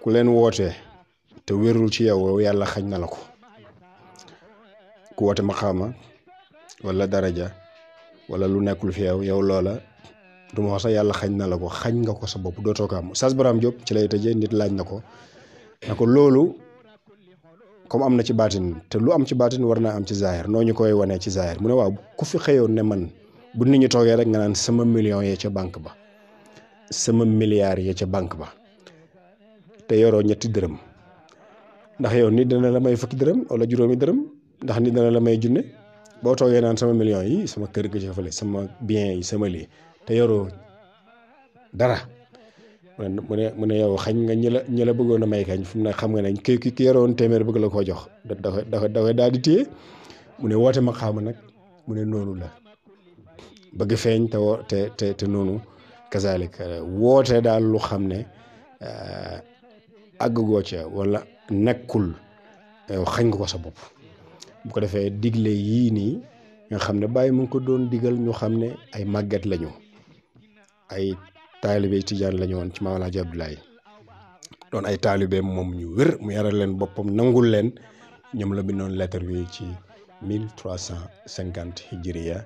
ku leen woote te wérul ci yow yàlla xañ na la ko ku woote maqaama wala daraja wala lu nekkul fi yow yow loola du ma wax sax yàlla xañ na la ko xañ nga ko sa bopp dootoo ko am Oustaz Braham Diop ci lay tëjee nit laaj na ko ko loolu comme am na ci baatin te lu am ci baatin war naa am ci zaahir noo ñu koy wanee ci zaahir mu ne waaw ku fi xëyoon ne man bu nit ñi toogee rek nga naan sama million yee ca banque ba sama milliard yee ca banque ba te yoroo ñetti dërëm ndax yow nit dana la may fukki dërëm wala juróomi dërëm ndax nit dana la may junne boo toogee naan sama million yi sama kër ga ca fële sama bien yi sama lii te yoroo dara mu ne mu ne yow xañ nga ñi la ñi la bëggoon a may kañ fu mu ne xam nga ne ki ki yoroon téeméer bëgg la ko jox da da da koy daal di téye mu ne woote ma xaama nag mu ne noonu la bëgg feeñ te te noonu kasaalik woote daal lu xam ne eh, àgg goo ca wala nekkul yow eh, xañ nga ko sa bopp bu ko defee digle yii nii nga xam ne bàyyi mu ko doon digal ñu xam ne ay màgget lañu ay taalibe tijaan la ñu woon ci maam Alaaji Abdoulaye doon ay taalibee moom ñu wér mu yaral leen boppam nangul leen ñoom la bindoon lettre bi ci 1350 hijriya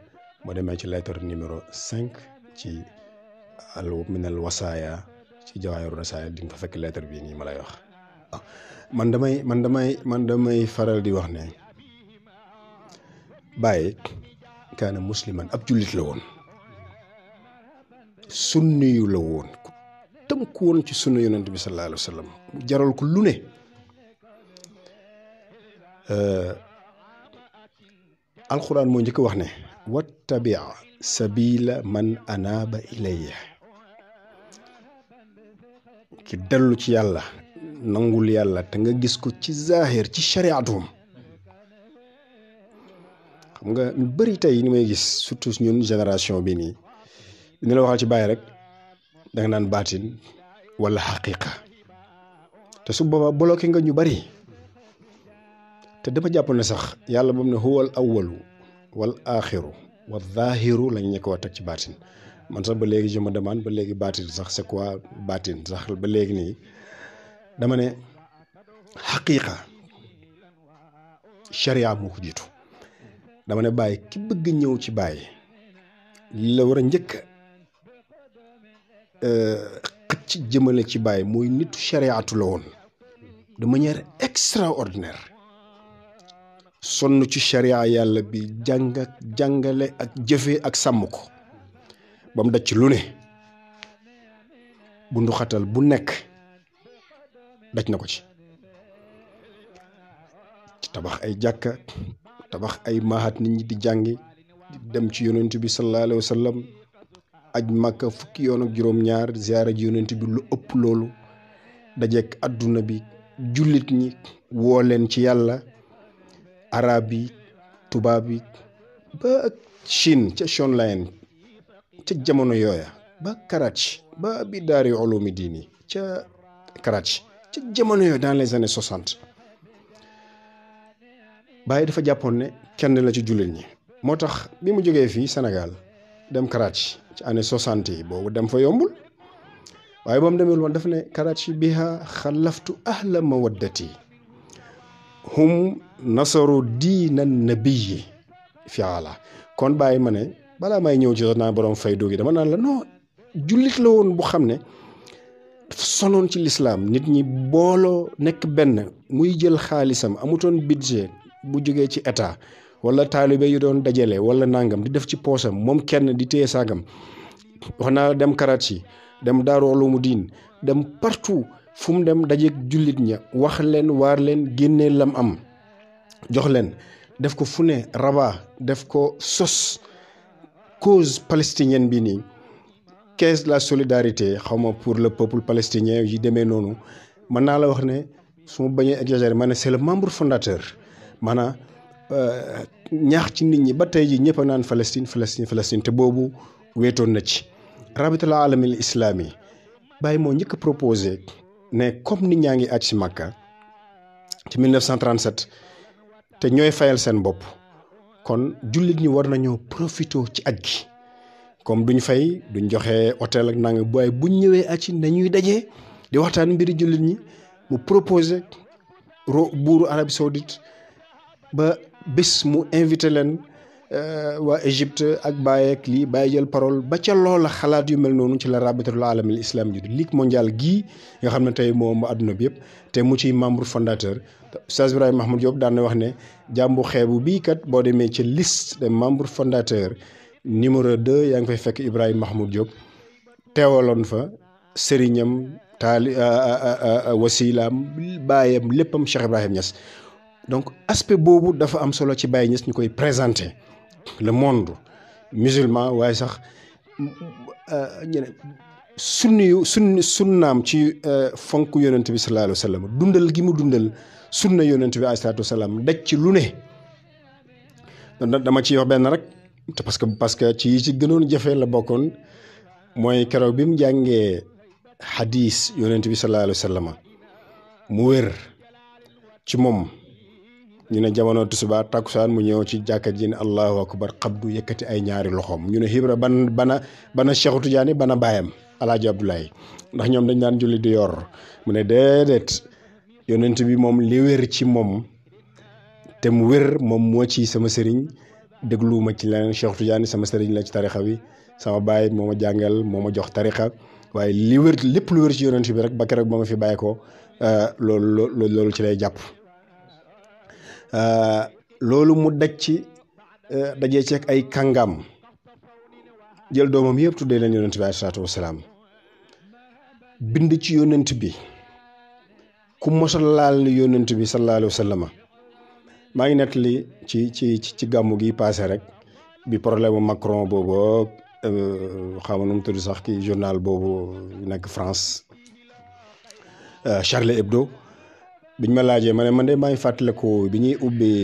moo demee ci lettre numéro 5 ci al minal wasaaya ci jawaahiru rasaaya di nga fa fekk lettre bii nii ma lay wax. Ah, man damay man damay man damay faral di wax ne bàyyi kaana musliman ab jullit la woon. sunni yu la woon ku tënku woon ci sunna yonent bi sallallahu alayhi wa jaral ko lu ne alxuraan moo njëkk wax ne wattabi sabila man anaaba ilayya ki dellu ci yàlla nangul yàlla te nga gis ko ci zaahir ci shariatum xam nga ñu bari tey ñu may gis surtout ñun génération bi nii dina la waxal ci bàyyi rek danga naan baatin wala xaqiqa te su boobaa bloqué nga ñu bari te dama jàpp ne sax yàlla moom ne huwal awwalu wal axiru wa zahiru lañ ñu ko teg ci baatin man sax ba léegi je me ba léegi baatin sax c'est quoi baatin sax ba léegi nii dama ne xaqiqa sharia moo ko dama ne bàyyi ki bëgg ñëw ci bàyyi la war a njëkk xëcc jëmale ci Baye mooy nit chariatu la woon de manière extraordinaire sonn ci charia yàlla bi jàng ak jàngale ak jëfe ak sàmm ko ba mu daj ci lu ne bunduxatal bu nekk daj na ko ci tabax ay jàkka tabax ay maaxaat nit ñi di jàngi dem ci yonent bi sallallahu alayhi wa aj màkka fukki yoon ak juróom-ñaar ziara ji yonent bi lu ëpp loolu dajeek àdduna bi jullit ñi woo leen ci yàlla arab yi tubaab yi ba Chine ca Chonlayen ca jamono yooya ba Karachi ba bi daari ulumi diini ca Karachi ca jamono yooyu dans les années soixante Baye dafa jàppoon ne kenn la ci jullit ñi moo tax bi mu jógee fii Sénégal dem Karachi ci année soixante yi boobu dem fa yombul waaye ba mu demee woon daf ne karachi biha laftu ahla mawaddati hum nasaru diina nabiyi fiala kon bàyyi ma ne balaa may ñëw ci sax naa boroom faydu gi dama naan la non jullit la woon bu xam ne sonoon ci lislaam nit ñi booloo nekk benn muy jël xaalisam amutoon budget bu jógee ci état wala taalibe yu doon dajale wala nangam di def ci poosam moom kenn di téye saagam wax naa dem Karachi dem Daaru mu Diin dem partout fu mu dem dajeeg jullit ña wax leen waar leen génnee lam am jox leen def ko fu ne Rabat def ko sos cause palestinienne bi nii caisse la solidarité xaw ma pour le peuple palestinien yi demee noonu mën naa la wax ne su ma bañee exagérer ma ne c'est membre fondateur mana ñaax ci nit ñi ba tey ji ñëpp naan Palestine Palestine Palestine te boobu weetoon na ci la alamil islaam yi bàyyi moo njëkk a proposé ne comme nit ñaa ngi aj ci Makka ci 1937 te ñooy fayal seen bopp kon jullit ñi war nañoo profito ci aj gi comme duñ fay duñ joxe hôtel ak bu waaye buñ ñëwee aj ci nañuy dajee di waxtaan mbiri jullit ñi mu proposé buuru Arabie Saoudite ba bés mu invité leen euh, waa Égypte ak Baye ak lii Baye jël parole ba ca loola xalaat yu mel noonu ci la rabitatul alamil islam ji ligue mondiale gii nga xam ne tey moom àdduna bi yëpp te mu ciy membre fondateur Oustaz Ibrahima Mahmoud Diop daan na wax ne jàmbu xeebu bii kat boo demee ci liste des membre fondateur numéro 2 yaa ngi fay fekk Ibrahima Mahmoud Diop teewaloon fa sëriñam taali wasilaam baayam léppam Cheikh Ibrahim ñas donc aspect boobu dafa am solo ci Baye Niass ñu koy présenter le monde musulman waaye sax euh, ñu ne sunniyu sunni sunnaam ci euh, fonk yonent bi sallallahu alayhi wa sallam dundal gi mu dundal sunna yonent bi alayhi salaatu wa daj ci lu ne dama ci wax benn rek te parce que parce que ci yi ci gënoon jafee la bokkoon mooy keroog bi mu jàngee xadiis yonent bi sallallahu alayhi mu wér ci moom ñu ne jamono tisbaar takkusaan mu ñëw ci jàkka ji ne allahu akbar xabdu yëkkati ay ñaari loxoom ñu ne xibra ban bana bana Cheikhu Tidiane bana baayam alaaji Abdoulaye ndax ñoom dañ daan julli di yor mu ne déedéet yonent bi moom li wér ci moom te mu wér moom moo ci sama sëriñ dégluwuma ci leneen Cheikhu Tidiane sama sëriñ la ci tarixa bi sama baay moo ma jàngal moo ma jox tarixa waaye li wér lépp lu wér ci yonent bi rek ba keroog ba ma fi bàyyi ko euh, loolu loolu loolu ci lay jàpp Euh, loolu mu daj ci euh, dajee ceeg ay kàngaam jël doomam yëpp tuddee leen yonent bi aleyhi salaatu wasalaam bind ci yonent bi ku mosal laal yonent bi sallallahu alayhi wa maa ngi nettali ci ci ci gàmmu gi paase rek bi problème mu Macron boobu euh, xam nu mu tudd sax ki journal boobu nekk France Charlie Hebdo. biñ ma laajee ma ne man de maa ngi fàttaliku bi ñuy ubbee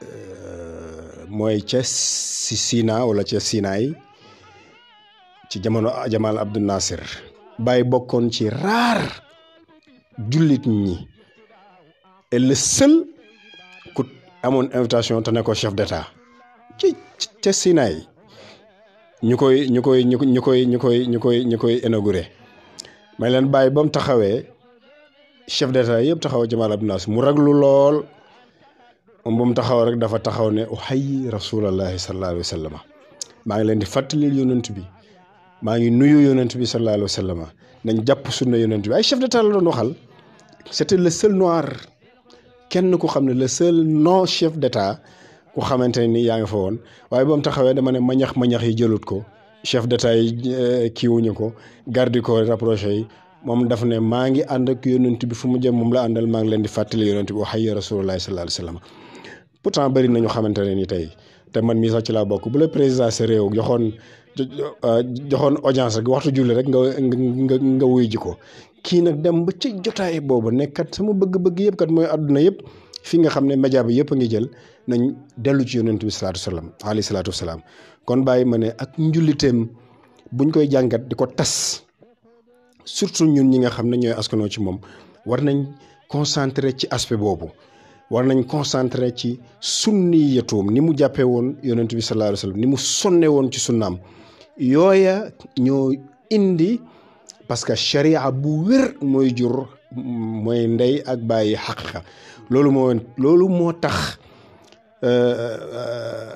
euh, mooy ca Sina wala ca Sinaay ci jamono Jamal Abdou Nasser bokkoon ci raar jullit ñi et le seul amoon invitation te ko chef d'état ci ca Sinaay ñu koy ñu koy ñu koy ñu koy ñu koy ñu koy inauguré may leen bàyyi ba mu taxawee chef d'état yëpp taxaw Jamal Abdin Naas mu raglu lool moom bu taxaw rek dafa taxaw ne uxayi rasulallahi sallallahu alayhi wa maa ngi leen di fàttali yonent bi maa ngi nuyu yonent bi sallallahu alayhi wa sallam nañ jàpp sunna yonent bi ay chef d'état la doon waxal c'était le seul noir kenn ku xam ne le seul non chef d'état ku xamante ne ni yaa ngi fa woon waaye ba mu taxawee dama ne mañax mañax yi jëlut ko chef d'état yi eh, kiiwuñu ko garde corps rapproché yi moom daf ne maa ngi ànd ak yonent bi fu mu jëm moom la àndal maa ngi leen di fàttali yonent bi waxay ya rasulullahi sallallahu alayhi wa sallam pourtant bëri nañu xamante ne nii tey te man mii sax ci laa bokk bu la président sa réew joxoon joxoon audience rek waxtu julli rek nga nga nga wuy ji ko kii nag dem ba ci jotaay boobu nekkat ma bëgg-bëgg yëpp kat mooy àdduna yëpp fii nga xam ne média bi yëpp a ngi jël nañ dellu ci yonent bi salaatu salaam alayhi salaatu wasalaam kon bàyyi ma ne ak njuliteem buñ koy jàngat di ko tas surtout ñun ñi nga xam ne ñooy askanoo ci moom war nañ concentré ci aspect boobu war nañ concentré ci sunniyatoom ni mu jàppee woon yonent bi sallallahu alayhi wa ni mu sonnee woon ci sunnaam yooya ñoo indi parce que sharia bu wér mooy jur mooy ndey ak bàyyi xaqiqa loolu moo loolu moo tax euh, euh,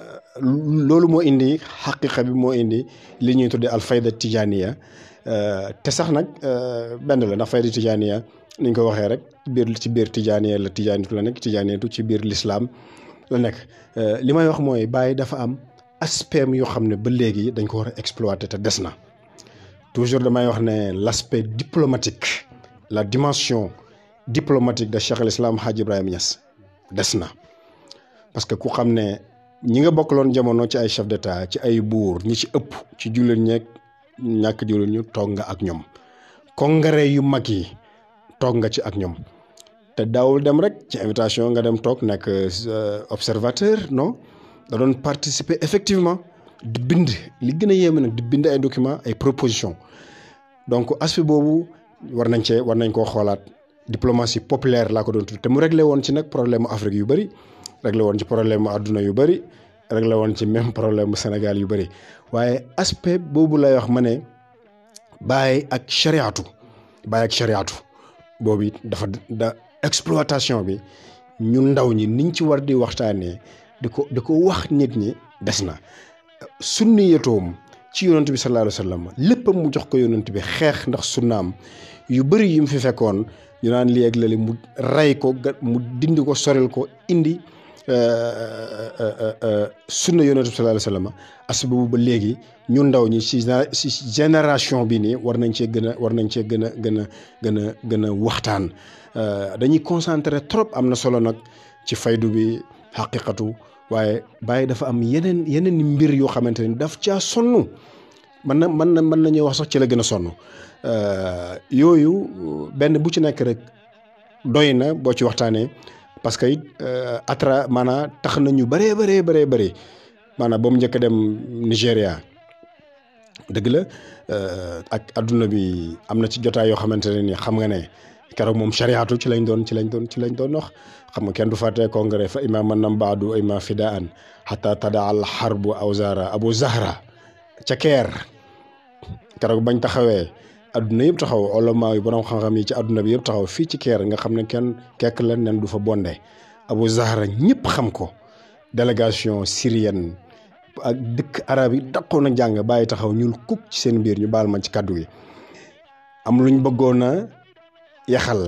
loolu moo indi xaqiqa bi moo indi li ñuy tuddee alfayda tijaniya Euh, te sax nag euh, benn la ndax fayda tijaaniya ni ko waxee rek biir ci biir tijaaniya la tijaanitu la nekk tijaaniyatu ci biir lislaam la nekk euh, li may wax mooy Baye dafa am aspect yoo xam ne ba léegi dañ ko war a exploité te des na toujours damay wax ne l'aspect diplomatique la dimension diplomatique de Cheikh al xaaj Hadj ñas des na parce que ku xam ne ñi nga bokk loon jamono ci ay chef d'état ci ay buur ñi ci ëpp ci jullit ñeeg ñàkk diwlin ñu toog nga ak ñoom congrès yu mag yi toog nga ci ak ñoom te daawul dem rek ci invitation nga dem toog nekk euh, observateur non da doon participer effectivement di bind li gën a yéeme nag di bind ay documents ay propositions donc aspect boobu war nañ cee war nañ koo xoolaat diplomatie populaire laa ko doon tudd te mu réglé woon ci nag problème Afrique yu bëri réglé woon ci problème adduna yu bëri rek la woon ci même problème bu Sénégal yu bari waaye aspect boobu lay wax ma ne bàyyi ak chariatu bàyyi ak chariatu boobu it dafa da exploitation bi ñu ndaw ñi niñ ci war di waxtaanee di ko di ko wax nit ñi des na sunni yetoom ci yonent bi sallallahu alayhi wa sallam léppam mu jox ko yonent bi xeex ndax sunnaam yu bëri yu mu fi fekkoon ñu naan léeg-léeg mu rey ko mu dindi ko soril ko indi Euh, euh, euh, sunna yonent bi sallallahu alayhi wasallam asbabu ba léegi ñu ndaw ñi ci ci génération bi nii war nañ cee gën a war nañ cee gën a gën a gën a gën a waxtaan dañuy concentré trop am na solo nag ci faydu bi xaqiqatu waaye bàyyi dafa am yeneen yeneen mbir yoo xamante ni daf caa sonn mën na mën na mën nañoo wax sax ci la gën a sonn yooyu benn bu ci nekk rek doy na boo ci waxtaanee parce que it euh, atra maanaam tax na ñu bëree bëree bëree bëri maanaam ba mu njëkk a dem Nigéria dëgg la euh, ak adduna bi am na ci jotaa yoo xamante ne ni xam nga ne keroog moom chariatu ci lañ doon ci lañ doon ci lañ doon wax xam nga kenn du fàtte congrès fa imama na baadu ima fidaan xata tada al xarbu awzara abu zahra ca keer keroog bañ taxawee adduna yëpp taxaw ulamaa yi borom xam-xam yi ci adduna bi yëpp taxaw fii ci keer nga xam ne kenn kekk la nen du fa bonde Abu Zahra ñëpp xam ko délégation syrienne ak dëkk arab yi daqoon a jàng bàyyi taxaw ñuul kukk ci seen biir ñu baal ma ci kàddu yi am luñ bëggoon a yaxal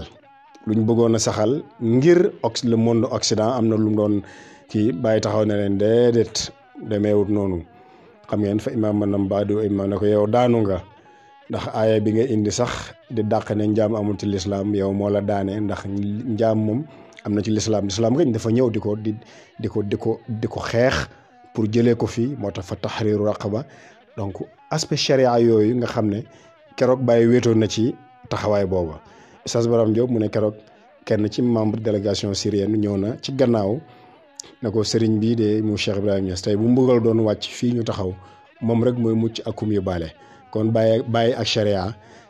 luñ bëggoon a saxal ngir ox le monde occident am na lu mu doon kii bàyyi taxaw ne leen déedéet demeewut noonu xam ngeen fa imaam manam baadu imaam ne ko yow daanu nga ndax aaya bi nga indi sax di dàq ne njaam amul ci lislaam yow moo la daane ndax njaam moom am na ci lislaam lislaam kañ dafa ñëw di ko di di ko di ko di ko xeex pour jëlee ko fii moo tax fa tahriru raqaba donc aspect sharia yooyu nga xam ne keroog bàyyi wéetoon na ci taxawaay booba Oustaz Barham Diop mu ne keroog kenn ci membre délégation syrienne ñëw na ci gannaaw na ko sëriñ bii de mu Cheikh Ibrahima Niass tey bu mbugal doon wàcc fii ñu taxaw moom rek mooy mucc akum yu baale kon bàyyi bàyyi ak sharia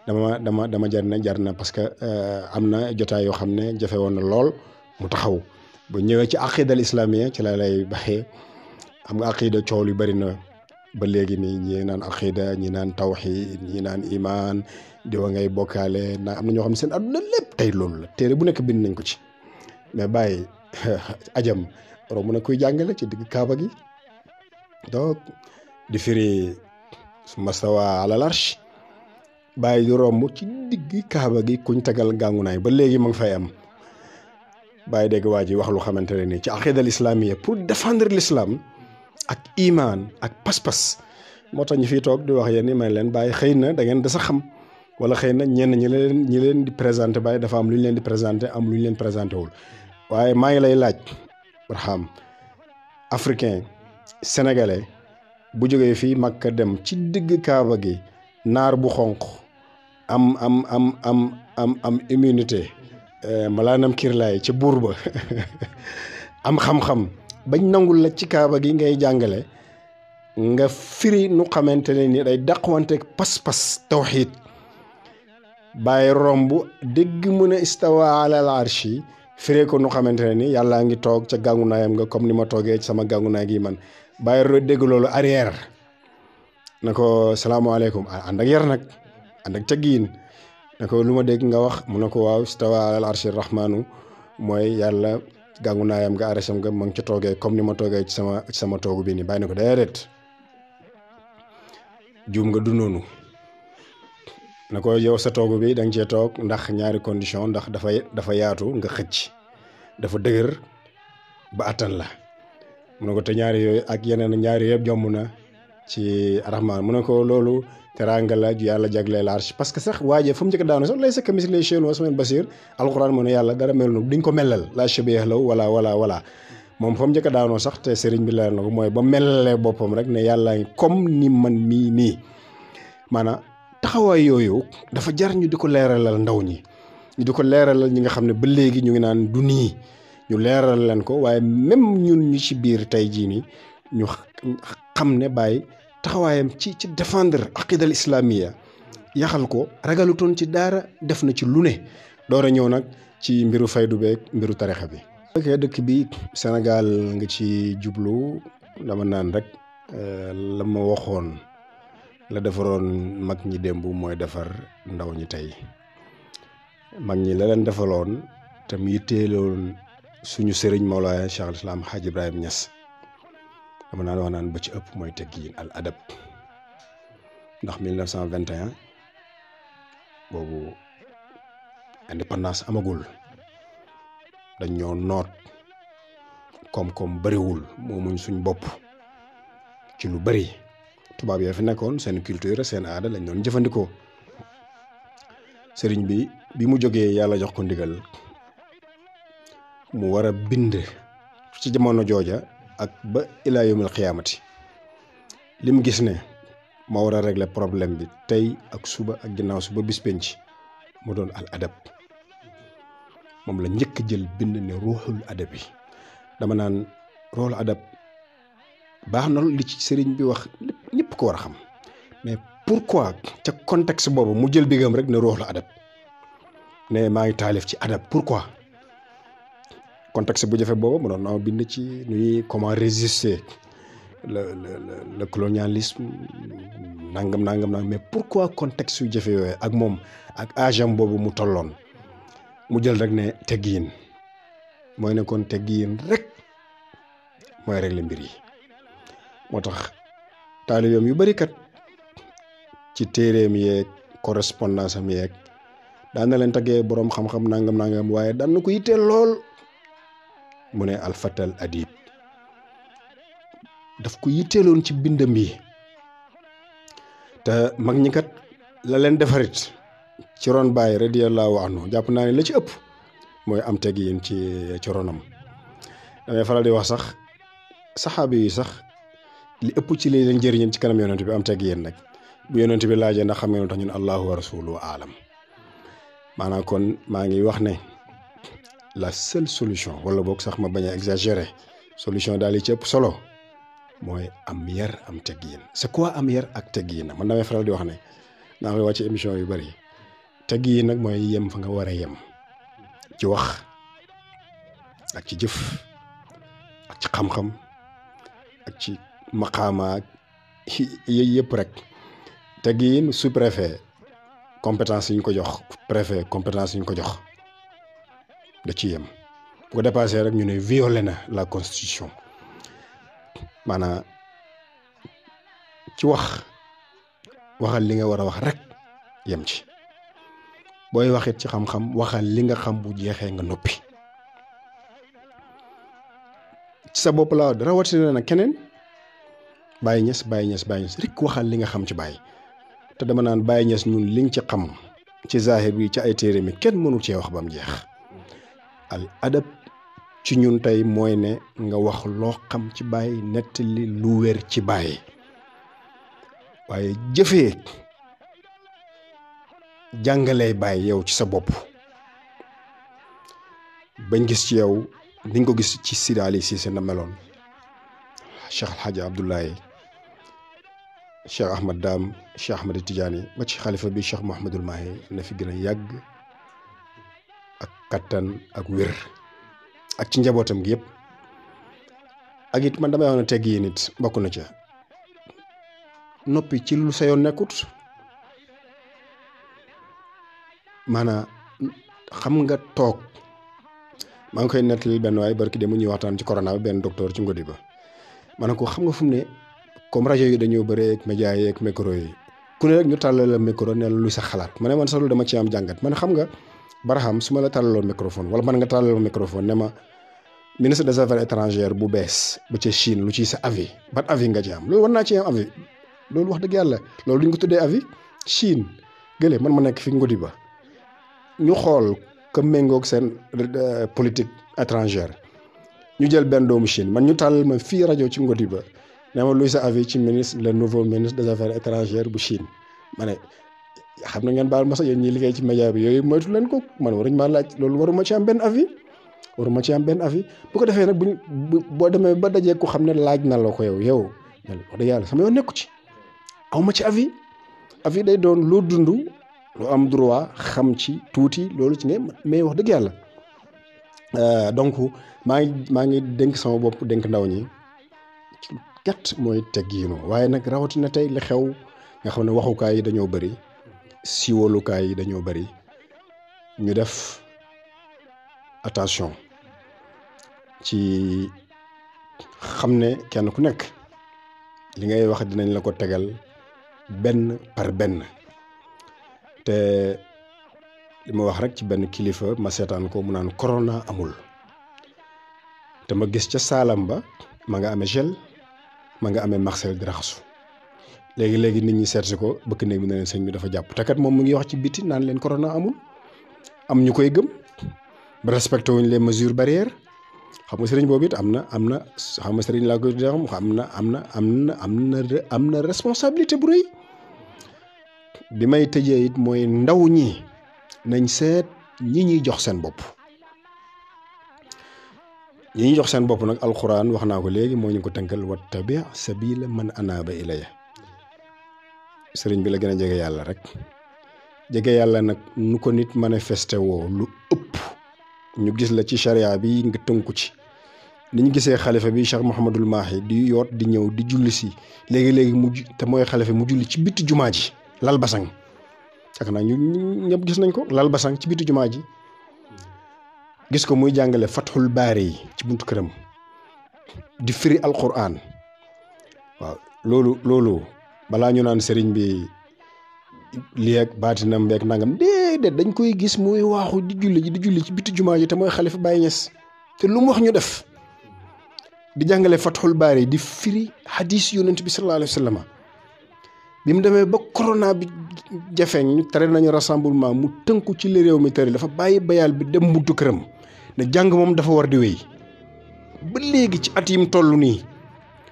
dama dama dama jar na jar na parce que euh, am na jotaay yoo xam ne jafe woon na lool mu taxaw bu ñëwee ci aqidal islamia ci la lay baxee xam nga aqida coow yu bëri na ba léegi nii ñi naan aqida ñi naan tawxid ñi naan iman diwa ngay bokkaale na am na ñoo xam ne seen adduna lépp tey loolu la téere bu nekk bind nañ ko ci mais bàyyi [LAUGHS] ajam romb nekk koy jàngale ci digg kaaba gi donc di firi summa stawa alal arsh bàyyi di romb ci digg kaaba gi kuñ tegal gàngunaay ba léegi ma ngi fay am bàyyi dégg waa ji wax lu xamante ne nii ci aqidal islamiyya pour défendre l'islam ak iman ak pas-pas moo tax ñu fi toog di wax yéen ni may leen bàyyi xëy na da ngeen da sa xam wala xëy na ñenn ñi leen ñi leen di présenté bàyyi dafa am lu ñu leen di présenté am lu ñu leen présenté wul waaye maa ngi lay laaj barxaam africain sénégalais bu jógee fii mag Makka dem ci digg Kaaba gi naar bu xonq am am am am am am immunité euh, malaanam kirlaay ca buur ba [LAUGHS] am xam-xam bañ nangul la ci Kaaba gi ngay jàngale nga firi nu xamante ne ni day dàqwanteeg pas-pas tawxiid bàyyi romb dégg mën a istawa alal arshi firee ko nu xamante ne ni yàllaa ngi toog ca gàngunaayam nga comme ni ma toogee sama gàngunaay gi man bàyyi ro dégg loolu arrière na ko salaamaaleykum a ak yar nag ànd ak teggiin na ko lu ma dégg nga wax mu ne ko waaw stawa alal arshi rahmanu mooy yàlla gàngu naayam nga arasham nga ma ngi ci toogee comme ni ma toogee ci sama ci sama toogu bi nii bàyyi na ko déedéet juum nga du noonu na ko yow sa toogu bii da cee toog ndax ñaari condition ndax dafa dafa yaatu nga xëcc dafa dëgër ba attan la mun ne ko te ñaari yooyu ak yeneen ñaari yëpp jomm na ci arahman mu ne ko loolu teraanga la ju yàlla jagleel arsh parce que sax waaje fu mu njëkk daanu sax lay sa kamis lay cheyun wa samain basir alquran mu ne wala wala wala moom fa mu njëkk daanoo sax te sëriñ bi leer na ko mooy ba melalee boppam rek ne yàlla comme ni man mii nii maanaa taxawaay yooyu dafa jar ñu di ko leeralal ndaw ñi ñu di ko leeralal ñi nga xam ne ba léegi ñu ngi naan du nii ñu leeral leen ko waaye même ñun ñi ci biir tey jii nii ñu xam ne Baye taxawaayam ci ci défendre aqidal islamiya yaxal ko ragalutoon ci daara def na ci lu ne door a ñëw nag ci mbiru faydu beeg mbiru tarixa bi. ok dëkk bi Sénégal nga ci jublu dama naan rek euh, la ma waxoon la defaroon mag ñi démb mooy defar ndaw ñi tey mag ñi la leen defaloon te mu yitteeloon suñu sëriñ Mawlaaya Cheikh al Islam Hadj Ibrahim Niass dama naan wax naan ba ci ëpp mooy tekkiin al adab ndax 1921 boobu indépendance amagul dañ ñoo noot koom-koom bariwul moomuñ suñ bopp ci lu bari tubaab yee fi nekkoon seen culture seen aada lañ doon jëfandikoo sëriñ bi bi mu jógee yàlla jox ko ndigal. mu war a bind ci jamono jooja ak ba ilaa yawmil xiyaamati lim gis ne moo war a regle problème bi tey ak suba ak ginnaaw suba bis penc mu doon al adab moom la njëkk jël bind ne ruuxul adab yi dama naan roolu adab baax na li ci sëriñ bi wax lépp ñëpp ko war a xam mais pour pourquoi ca contexte boobu mu jël bigam rek ne ruuxul adab ne maa ngi taalif ci adab quoi contexte bu jafe boobu mënoon naa bind ci nu ñuy comment résister le le le colonialisme nangam nangam nangam mais pourquoi contexte yu jafe yooyu ak moom ak âge boobu mu tolloon mu jël rek ne teggiin mooy ne kon teggiin rek mooy régler mbir yi moo tax taalibeem yu bari kat ci téeréem yeeg correspondance am yeeg daan leen taggee boroom xam-xam nangam nangam waaye daan ko yitteel lool. mu ne alfatal adib daf ko yitteeloon ci bindam yi te mag ñi kat la leen defarit ci ron baay radiyallahu anhu jàpp naa ne la ci ëpp mooy am teg yéen ci ci ronam damay faral di wax sax saxaabi yi sax li ëpp ci lii leen jëriñeen ci kanam yonent bi am teg yéen nag bu yonent bi laajee ndax xam ngeen tax ñun allahu wa rasuluhu aalam maanaam kon maa ngi wax ne la seule solution wala boog sax ma bañ a exagérer solution daal di ci ëpp solo mooy am yar am teggiin c'est quoi am yar ak teg teggiin man damay faral di wax ne naa koy wàcc émission yu bari teggiin nag mooy yem fa nga war a yem ci wax ak ci jëf ak ci xam-xam ak ci maqaama ak yëpp rek teggiin sous-préfet compétence yi ñu ko jox préfet compétence yi ñu ko jox. da ci yem bu ko dépassé rek ñu ne violé na la constitution maanaam ci wax waxal li nga war a wax rek yem ci booy waxit ci xam-xam waxal li nga xam bu jeexee nga noppi ci sa bopp laa rawatina nag keneen bàyyi ñes bàyyi ñes bàyyi ñes rek waxal li nga xam ci bàyyi te dama naan bàyyi ñes ñun liñ ci xam ci zahir bi ci ay téere mi kenn mënu cee wax ba mu jeex al adab ci ñun tey mooy ne nga wax loo xam ci bàyyi nettali lu wér ci bàyyi waaye jëfee jàngalee bàyyi yow ci sa bopp bañ gis ci yow niñ ko gis ci Sidi Ali Cissé na meloon Cheikh Alhaji Abdoulaye Cheikh Ahmad Dame Cheikh Ahmad Tidiane ba ci xalifa bi Cheikh Mouhamadul Mahi na fi gën a yàgg kattan ak wér ak ci njabootam gi yëpp ak it man damay wax ne tegg yi nit bokk na ca noppi ci lu sa yoon nekkut maanaam xam nga toog maa ngi koy nettali benn waay barki de mu ñuy waxtaan ci corona bi benn docteur ci ngodi ba maanaam ko xam nga fu mu ne comme rajo yi dañoo bëree ak média yi ak micro yi ku ne rek ñu tàllal la micro ne luy sa xalaat ma ne man sax dama ci am jàngat man xam nga Barham su ma la tàllaloo microphone wala man nga tàllaloo microphone ne ma ministre des affaires étrangères bu bees bu ca Chine lu ciy sa avi ban avis nga ci am loolu war naa ci am loolu wax dëgg yàlla loolu duñ ko tuddee avi Chine gële man ma nekk fi ngudi ba ñu xool ka méngoog seen euh, politique étrangère ñu jël benn doomu Chine man ñu tàllal ma fii rajo ci ngudi ba ne ma luy sa avi ci ministre le nouveau ministre des affaires étrangères bu Chine ma ne xam na ngeen baal ma sax yéen ñiy liggéey ci média bi yooyu moytu leen ko man waruñ ma laaj loolu waruma ci am benn avis waruma ci am benn avis bu ko defee nag buñ boo demee ba dajee ko xam ne laaj na la ko yow yow yàlla sama yoon nekku ci aw ma ci avis avis day doon loo dund loo am droit xam ci tuuti loolu ci ne mais wax dëgg yàlla euh, donc maa ngi maa ngi dénk sama bopp dénk ndaw ñi kat mooy teggiinu waaye nag rawatina tey li xew nga xam ne waxukaay yi dañoo bëri siiwalukaay yi dañoo bari ñu def attention ci xam ne kenn ku nekk li ngay wax dinañ la ko tegal benn par benn te li ma wax rek ci benn kilifa ma seetaan ko mu naan corona amul te ma gis ca saalam ba ma nga amee gel ma nga amee marcel di raxasu léegi léegi nit ñi seet si ko bëkk néeg bi ne leen sëñ bi dafa jàpp te mu ngi wax biti naan leen corona amul koy gëm ba respecté wuñ les mesures barrières xam nga sëriñ boobu it am na am na xam nga sëriñ laa koy xam am na am na am am am na responsabilité bu bi may tëjee it mooy ndaw ñi nañ seet ñi ñuy jox seen bopp. ñi ñuy jox seen bopp nag alxuraan wax naa ko léegi moo ñu ko tënkal wattabi sabila man anaaba ilaya sëriñ bi la gën a jege yàlla rek jege yàlla nag nu ko nit manifesté woo lu ëpp ñu gis la ci charia bi nga tënku ci ni ñu gisee xalifa bi Cheikh Mouhamadul Mahi di yoot di ñëw di julli si léegi-léegi mu te mooy xalifa mu julli ci bitti jumaa ji lal basang ak naa ñu ñëpp gis nañ ko lal basang ci bitti jumaa ji gis ko muy jàngale Fathul Baari yi ci buntu këram di firi alquran waaw loolu loolu balaa ñu naan sëriñ bi lii ak baatinam beeg nangam déedéet dañ koy gis muy waaxu di julli ji di julli ci biti jumaa ji te mooy xalifa Baye Niass te lu mu wax ñu def di jàngale Fathul Baari di firi hadis yonent bi sallallahu alayhi wa sallam bi mu demee ba corona bi jafeñ ñu tari nañu rassemblement mu tënku ci li réew mi tere dafa bàyyi bayaal bi dem buntu këram ne jàng moom dafa war di wéy ba léegi ci at yi mu toll nii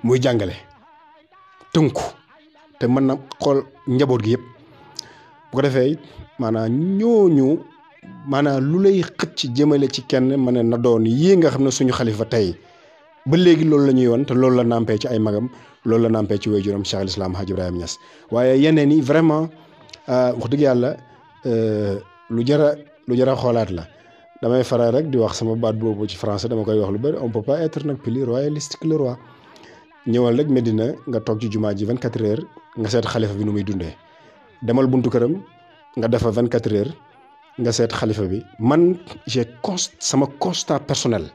muy jàngale tënku. te mën na xool njaboot gi yëpp bu ko defee it maanaam ñooñu maanaam lu lay xëcc jëmale ci kenn ma ne na doon yii nga xam ne suñu xalifa tey ba léegi loolu la ñuy woon te loolu la nampee ci ay magam lool la nampee ci waajuram Cheikh al Islam Hadj Ibrahima Niass waaye yeneen yi vraiment ah, wax dëgg yàlla euh, lu jara lu jara xoolaat la damay faral rek di wax sama baat boobu ci français dama koy wax lu bëri on peut pas être nag plus royaliste que roi ñëwal rek Medina nga toog ci jumaa ji 24 heures nga seet xalifa bi nu muy dundee demal buntu këram nga defa 24 heures nga seet xalifa bi man j'ai sama constat personnel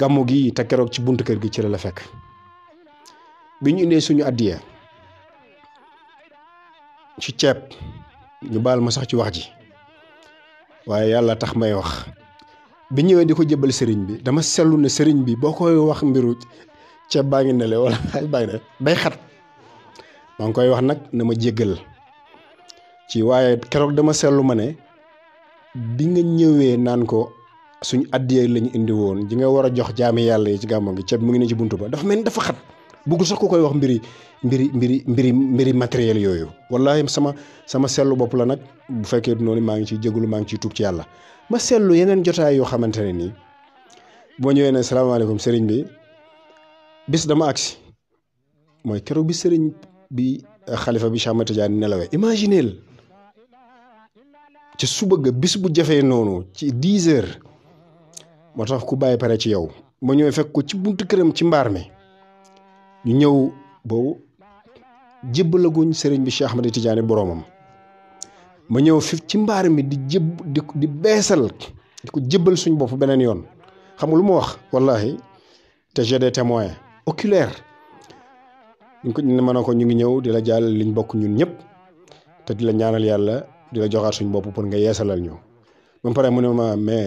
gàmmu gi te keroog ci buntu kër gi ci la la fekk bi ñu indee suñu addiya ci ceeb ñu baal ma sax ci wax ji waaye yàlla tax may wax bi ñëwee di ko jëbal sëriñ bi dama sellu ne sëriñ bi boo koy wax mbiru ceeb baa ngi nele wala xaaj baa xat maa ngi koy wax nag na ma jéggal ci waaye keroog dama seetlu ma ne bi nga ñëwee naan ko suñ addiyee lañu indi woon ji nga war a jox jaami yàlla yi ci gàmmo gi ceeb mu ngi ne ci bunt ba dafa mel ni dafa xat buggul sax ku koy wax mbiri mbiri mbiri mbiri mbiri matériel yooyu wallahi sama sama seetlu bopp la nag bu fekkee noonu maa ngi ciy jégalu maa ngi ciy tuub ci yàlla ma seetlu yeneen jotaay yoo xamante ne nii boo ñëwee ne salaamaaleykum sëriñ bi bis dama agsi mooy keroog bi sëriñ bi eh, xalifa bi Cheikh Ahmed Tidiane nelawee imagineel ci suba ga bis bu jafee noonu ci dix heure moo tax ku bàyyi pare ci yow moo ñëw fekk ko ci buntu këram ci mbaar mi ñu ñëw boobu jébbalaguñ sëriñ bi Cheikh Ahmed Tidiane boroomam ma ñëw fi ci mbaar mi di jëb di di di ko jébbal suñ bopp beneen yoon xam nga lu ma wax wallahi te j'ai des témoins oculaire ñu ko mën a ko ñu ngi ñëw di la jàll liñ bokk ñun ñëpp te di la ñaanal yàlla di la joxaat suñu bopp pour nga yeesalal ñu ma pare mu ne ma mais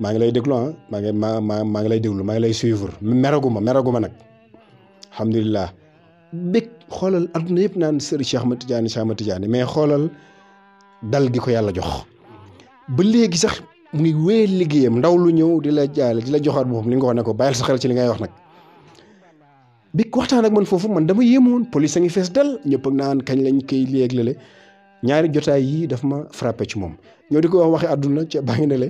maa ngi lay déglu ah, maa ngi maa maa maa ngi lay déglu maa ngi lay suivre meraguma meraguma nag alhamdulilah bég xoolal adduna yëpp naan sëri Cheikh Ahmed Tidiane Cheikh Ahmed Tidiane mais xoolal dal gi ko yàlla jox ba léegi sax mu ngi wéy liggéeyam ndaw lu ñëw di la jaale di la joxaat boppam li nga wax ne ko bàyyil sa xel ci li ngay wax nag bi waxtaan ak man foofu man dama yéemoon police a ngi fees dal ñëpp ak naan kañ lañ koy léeg ñaari jotaay yii daf ma frappé ci moom ñoo di ko wax waxi àdduna ca baa ngi ne le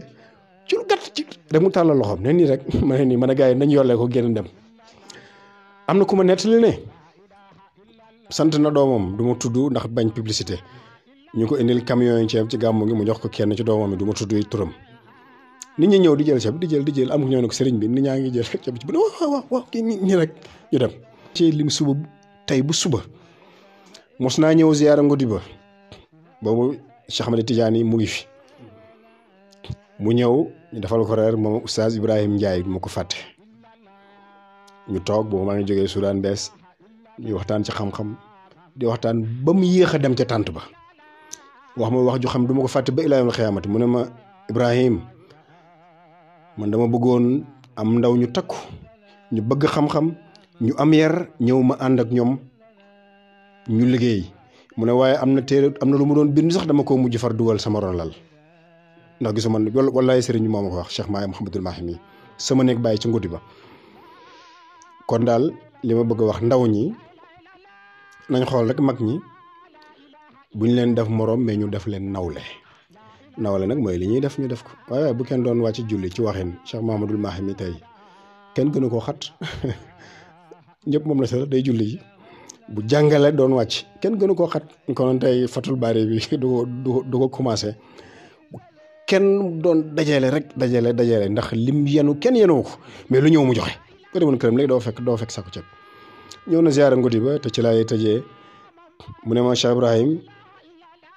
ci lu gàtt ci rek mu tàllal ne nii rek [LAUGHS] ma nii man a yi nañ yollee ko génn dem am na ku ma nettali ne sant na doomam du ma tudd ndax bañ publicité ñu ko indil camion yi ceeb ci gàmmu ngi mu jox ko kenn ci doomam yi du ma tudd turam nit ñi ñëw di jël ceeb di jël di jël am ñoo ko sëriñ bi ni ñaa ngi jël [LAUGHS] ceeb bi waaw waaw waaw kii nii rek ñu dem. ci lim suba tey bu suba mos naa ñëw ziyaara ngodi ba boobu Cheikh Ahmed Tidiane mu ngi fi mu ñëw ñu defal ko reer moom oustaz Ibrahim Ndiaye mu ko fàtte ñu toog boobu maa ngi jógee Soudan bees ñu waxtaan ci xam-xam di waxtaan ba mu yéex a dem ca tànt ba wax ma wax ju xam du ma ko fàtte ba ilaa yawmal xiyaamati mu ne ma Ibrahim man dama bëggoon am ndaw ñu takku ñu bëgg xam-xam. ñu am yar ñëw ma ànd ak ñoom ñu liggéey mu ne waaye am na téere am na lu ma doon bind sax dama koo mujj far dugal sama ron lal ndax gisuma ne wallaay sëriñ moo ma ko wax Cheikh Mahi Mouhamadul Mahi sama nekk bàyyi ci nguddi ba kon daal li ma bëgg a wax ndaw ñi nañ xool rek mag ñi buñ leen def moroom mais ñu def leen nawle nawle nag mooy li ñuy def ñu def ko waaye bu kenn doon wàcc julli ci waxin Cheikh Mouhamadul mi tey kenn gënu koo xat [LAUGHS] ñëpp moom la sëral day julli ji bu jàngale doon wàcc kenn gënu koo xat kon tey fatul baari bi [LAUGHS] du ko du ko commencé kenn doon dajale rek dajale dajale ndax lim yenu kenn yenuwu ko mais lu ñëw mu joxe ba demoon këram léegi doo fekk doo fekk saako ceeb ñëw na ziara ngoti ba te ci laay tëjee mu ne ma Cheikh Ibrahim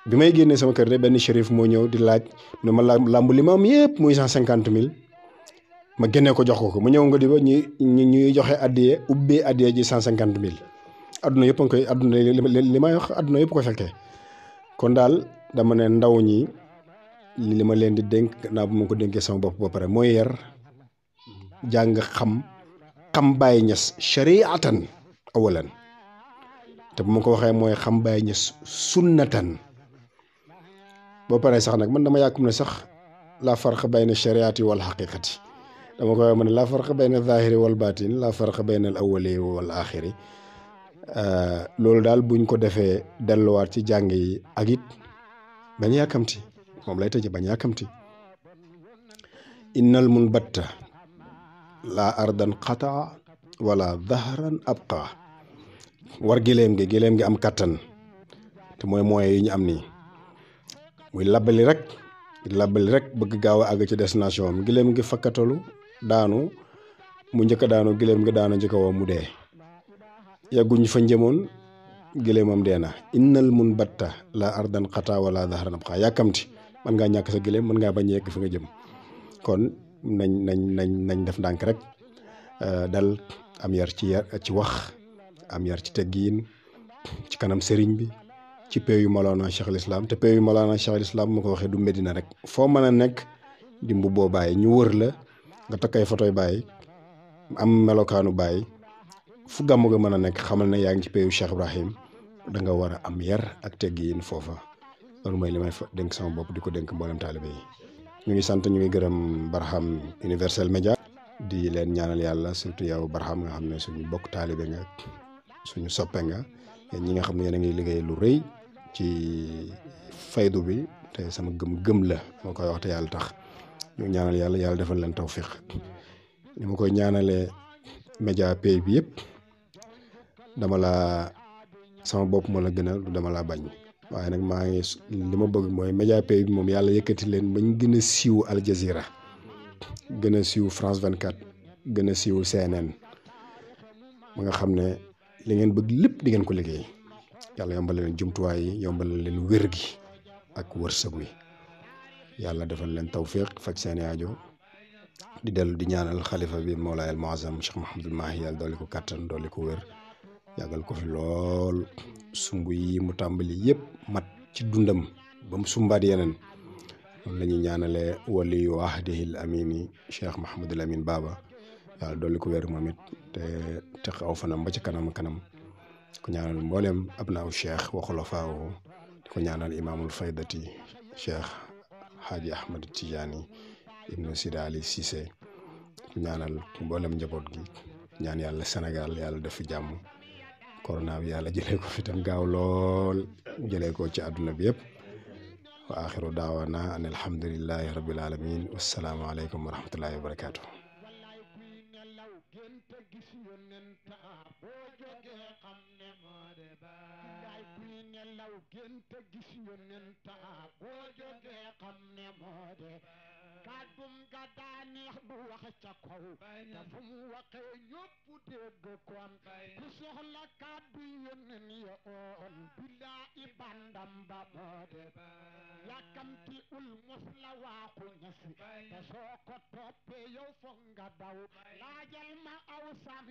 bi may génnee sama kër de benn shérif moo ñëw di laaj ne ma làmb limam yëpp muy cent cinquante mille ma génnee ko jox ko ko mu ñëw nga di ba ñu ñuy joxe addiye ubbee addiye ji cent cinquante mille adduna yëpp a ngi koy adduna li may wax adduna yëpp ko fekkee kon daal dama ne ndaw ñi li ma leen di dénk naa bu ma ko dénkee sama bopp ba pare mooy yar jàng xam xam Baye Niass shariatan awalan te bu ma ko waxee mooy xam Baye Niass sunnatan boo paree sax nag man dama yàkkum ne sax laa far la farq bayna shariati wal xaqiqati dama koy wax ma laa farqa bayna zahiri wal batin laa farqa bayna al awali wal euh, loolu daal buñ ko defee delluwaat ci jàng yi ak it bañ yàkkamti moom lay tëje bañ yàkkamti innal munbatta laa ardan qataa wala dahran abqa war gileem gi gileem gi am kattan te mooy moyens yi ñu am nii muy labbali rek labbali rek bëgg gaaw a àgg ci destination am gileem gi fakkatalu daanu mu njëkk a daanu gileem nga daanu njëkk mu dee yàgguñ fa njëmoon gileemam dee na innal mun batta la ardan xata wala dahran abqa yàkkamti man ngaa ñàkk sa gileem mën ngaa bañ yegg fi nga jëm kon nañ nañ nañ nañ def ndànk rek euh, dal am yar ci yar ci wax am yar ci teggiin ci kanam sëriñ bi ci peew yu Mawlana Cheikh al Islam te peew yu Mawlana Cheikh al Islam ma ko waxee du meddina rek foo mën a nekk dimbu boo bàyyi ñu wër la nga takk ay photoy Baye am melokaanu Baye fu gàmmu ga mën a nekk xamal ne yaa ngi ci péyu Cheikh Ibrahim da nga war a am yar ak teg teggiin foofa loolu mooy li may dénk sama bopp di ko dénk mboolem taalibe yi ñu ngi sant ñu ngi gërëm Barham Universel Média di leen ñaanal yàlla surtout yow Barham nga xam ne suñu bokk taalibe nga suñu soppee nga ñi nga xam ne yéen a ngi liggéey lu rëy ci faydu bi te sama gëm-gëm la ma koy wax yàlla tax ñu ñaanal yàlla yàlla defal leen tawfiq ni ma koy ñaanalee média pay bi yëpp dama laa sama bopp moo la gënal du dama laa bañ waaye nag maa ngi li ma bëgg mooy média pay bi moom yàlla yëkkati leen bañ gën a siiw Al gën a siiw France 24 a siiw CNN ma nga xam ne li ngeen bëgg lépp di ngeen ko liggéey yàlla yombal leen jumtuwaay yi yombal leen wér gi ak wërsëg wi yàlla defal leen tawfiq faj seeni aajo di dellu di ñaanal xalifa bi Mawlaay al Muazzam Cheikh Mouhamadul Mahi yàlla dolli ko kàttan dolli ko wér ko fi lool sumb yi mu tàmbali yëpp mat ci dundam bam mu sumbaat yeneen noonu ñaanale waliyu ahdihil amini Cheikh Mouhamadul Amin Baba yàlla dolli ko wér moom te teq aw fanam ci kanam kanam ko ñaanal mboolem abnaaw Cheikh wa xulafaahu di ko ñaanal imaamul faydati Cheikh. xaaji ahmad tijaani ibnu sida ali Cissé ñaanal mboolem njaboot gi ñaan yàlla senegal yàlla def jàmm corona bi yàlla jëlee gaaw lool jëlee ko ci àdduna bi yëpp wa axiru daawaana an alhamdulillahi rabbil alamin wassalaamu aleykum wa wa barakaatu nelaw gént gis yonenta boo jógee xam ne moo de kàddum ga daa neex du wax ca kaw te fu mu waxee ñëpp dégg ku soxla kàddu yonen ya oon bilaa i bandam ba moo de yàkkamti ul mos la waaxu ñasi te toppee yow foog nga laajal ma aw sam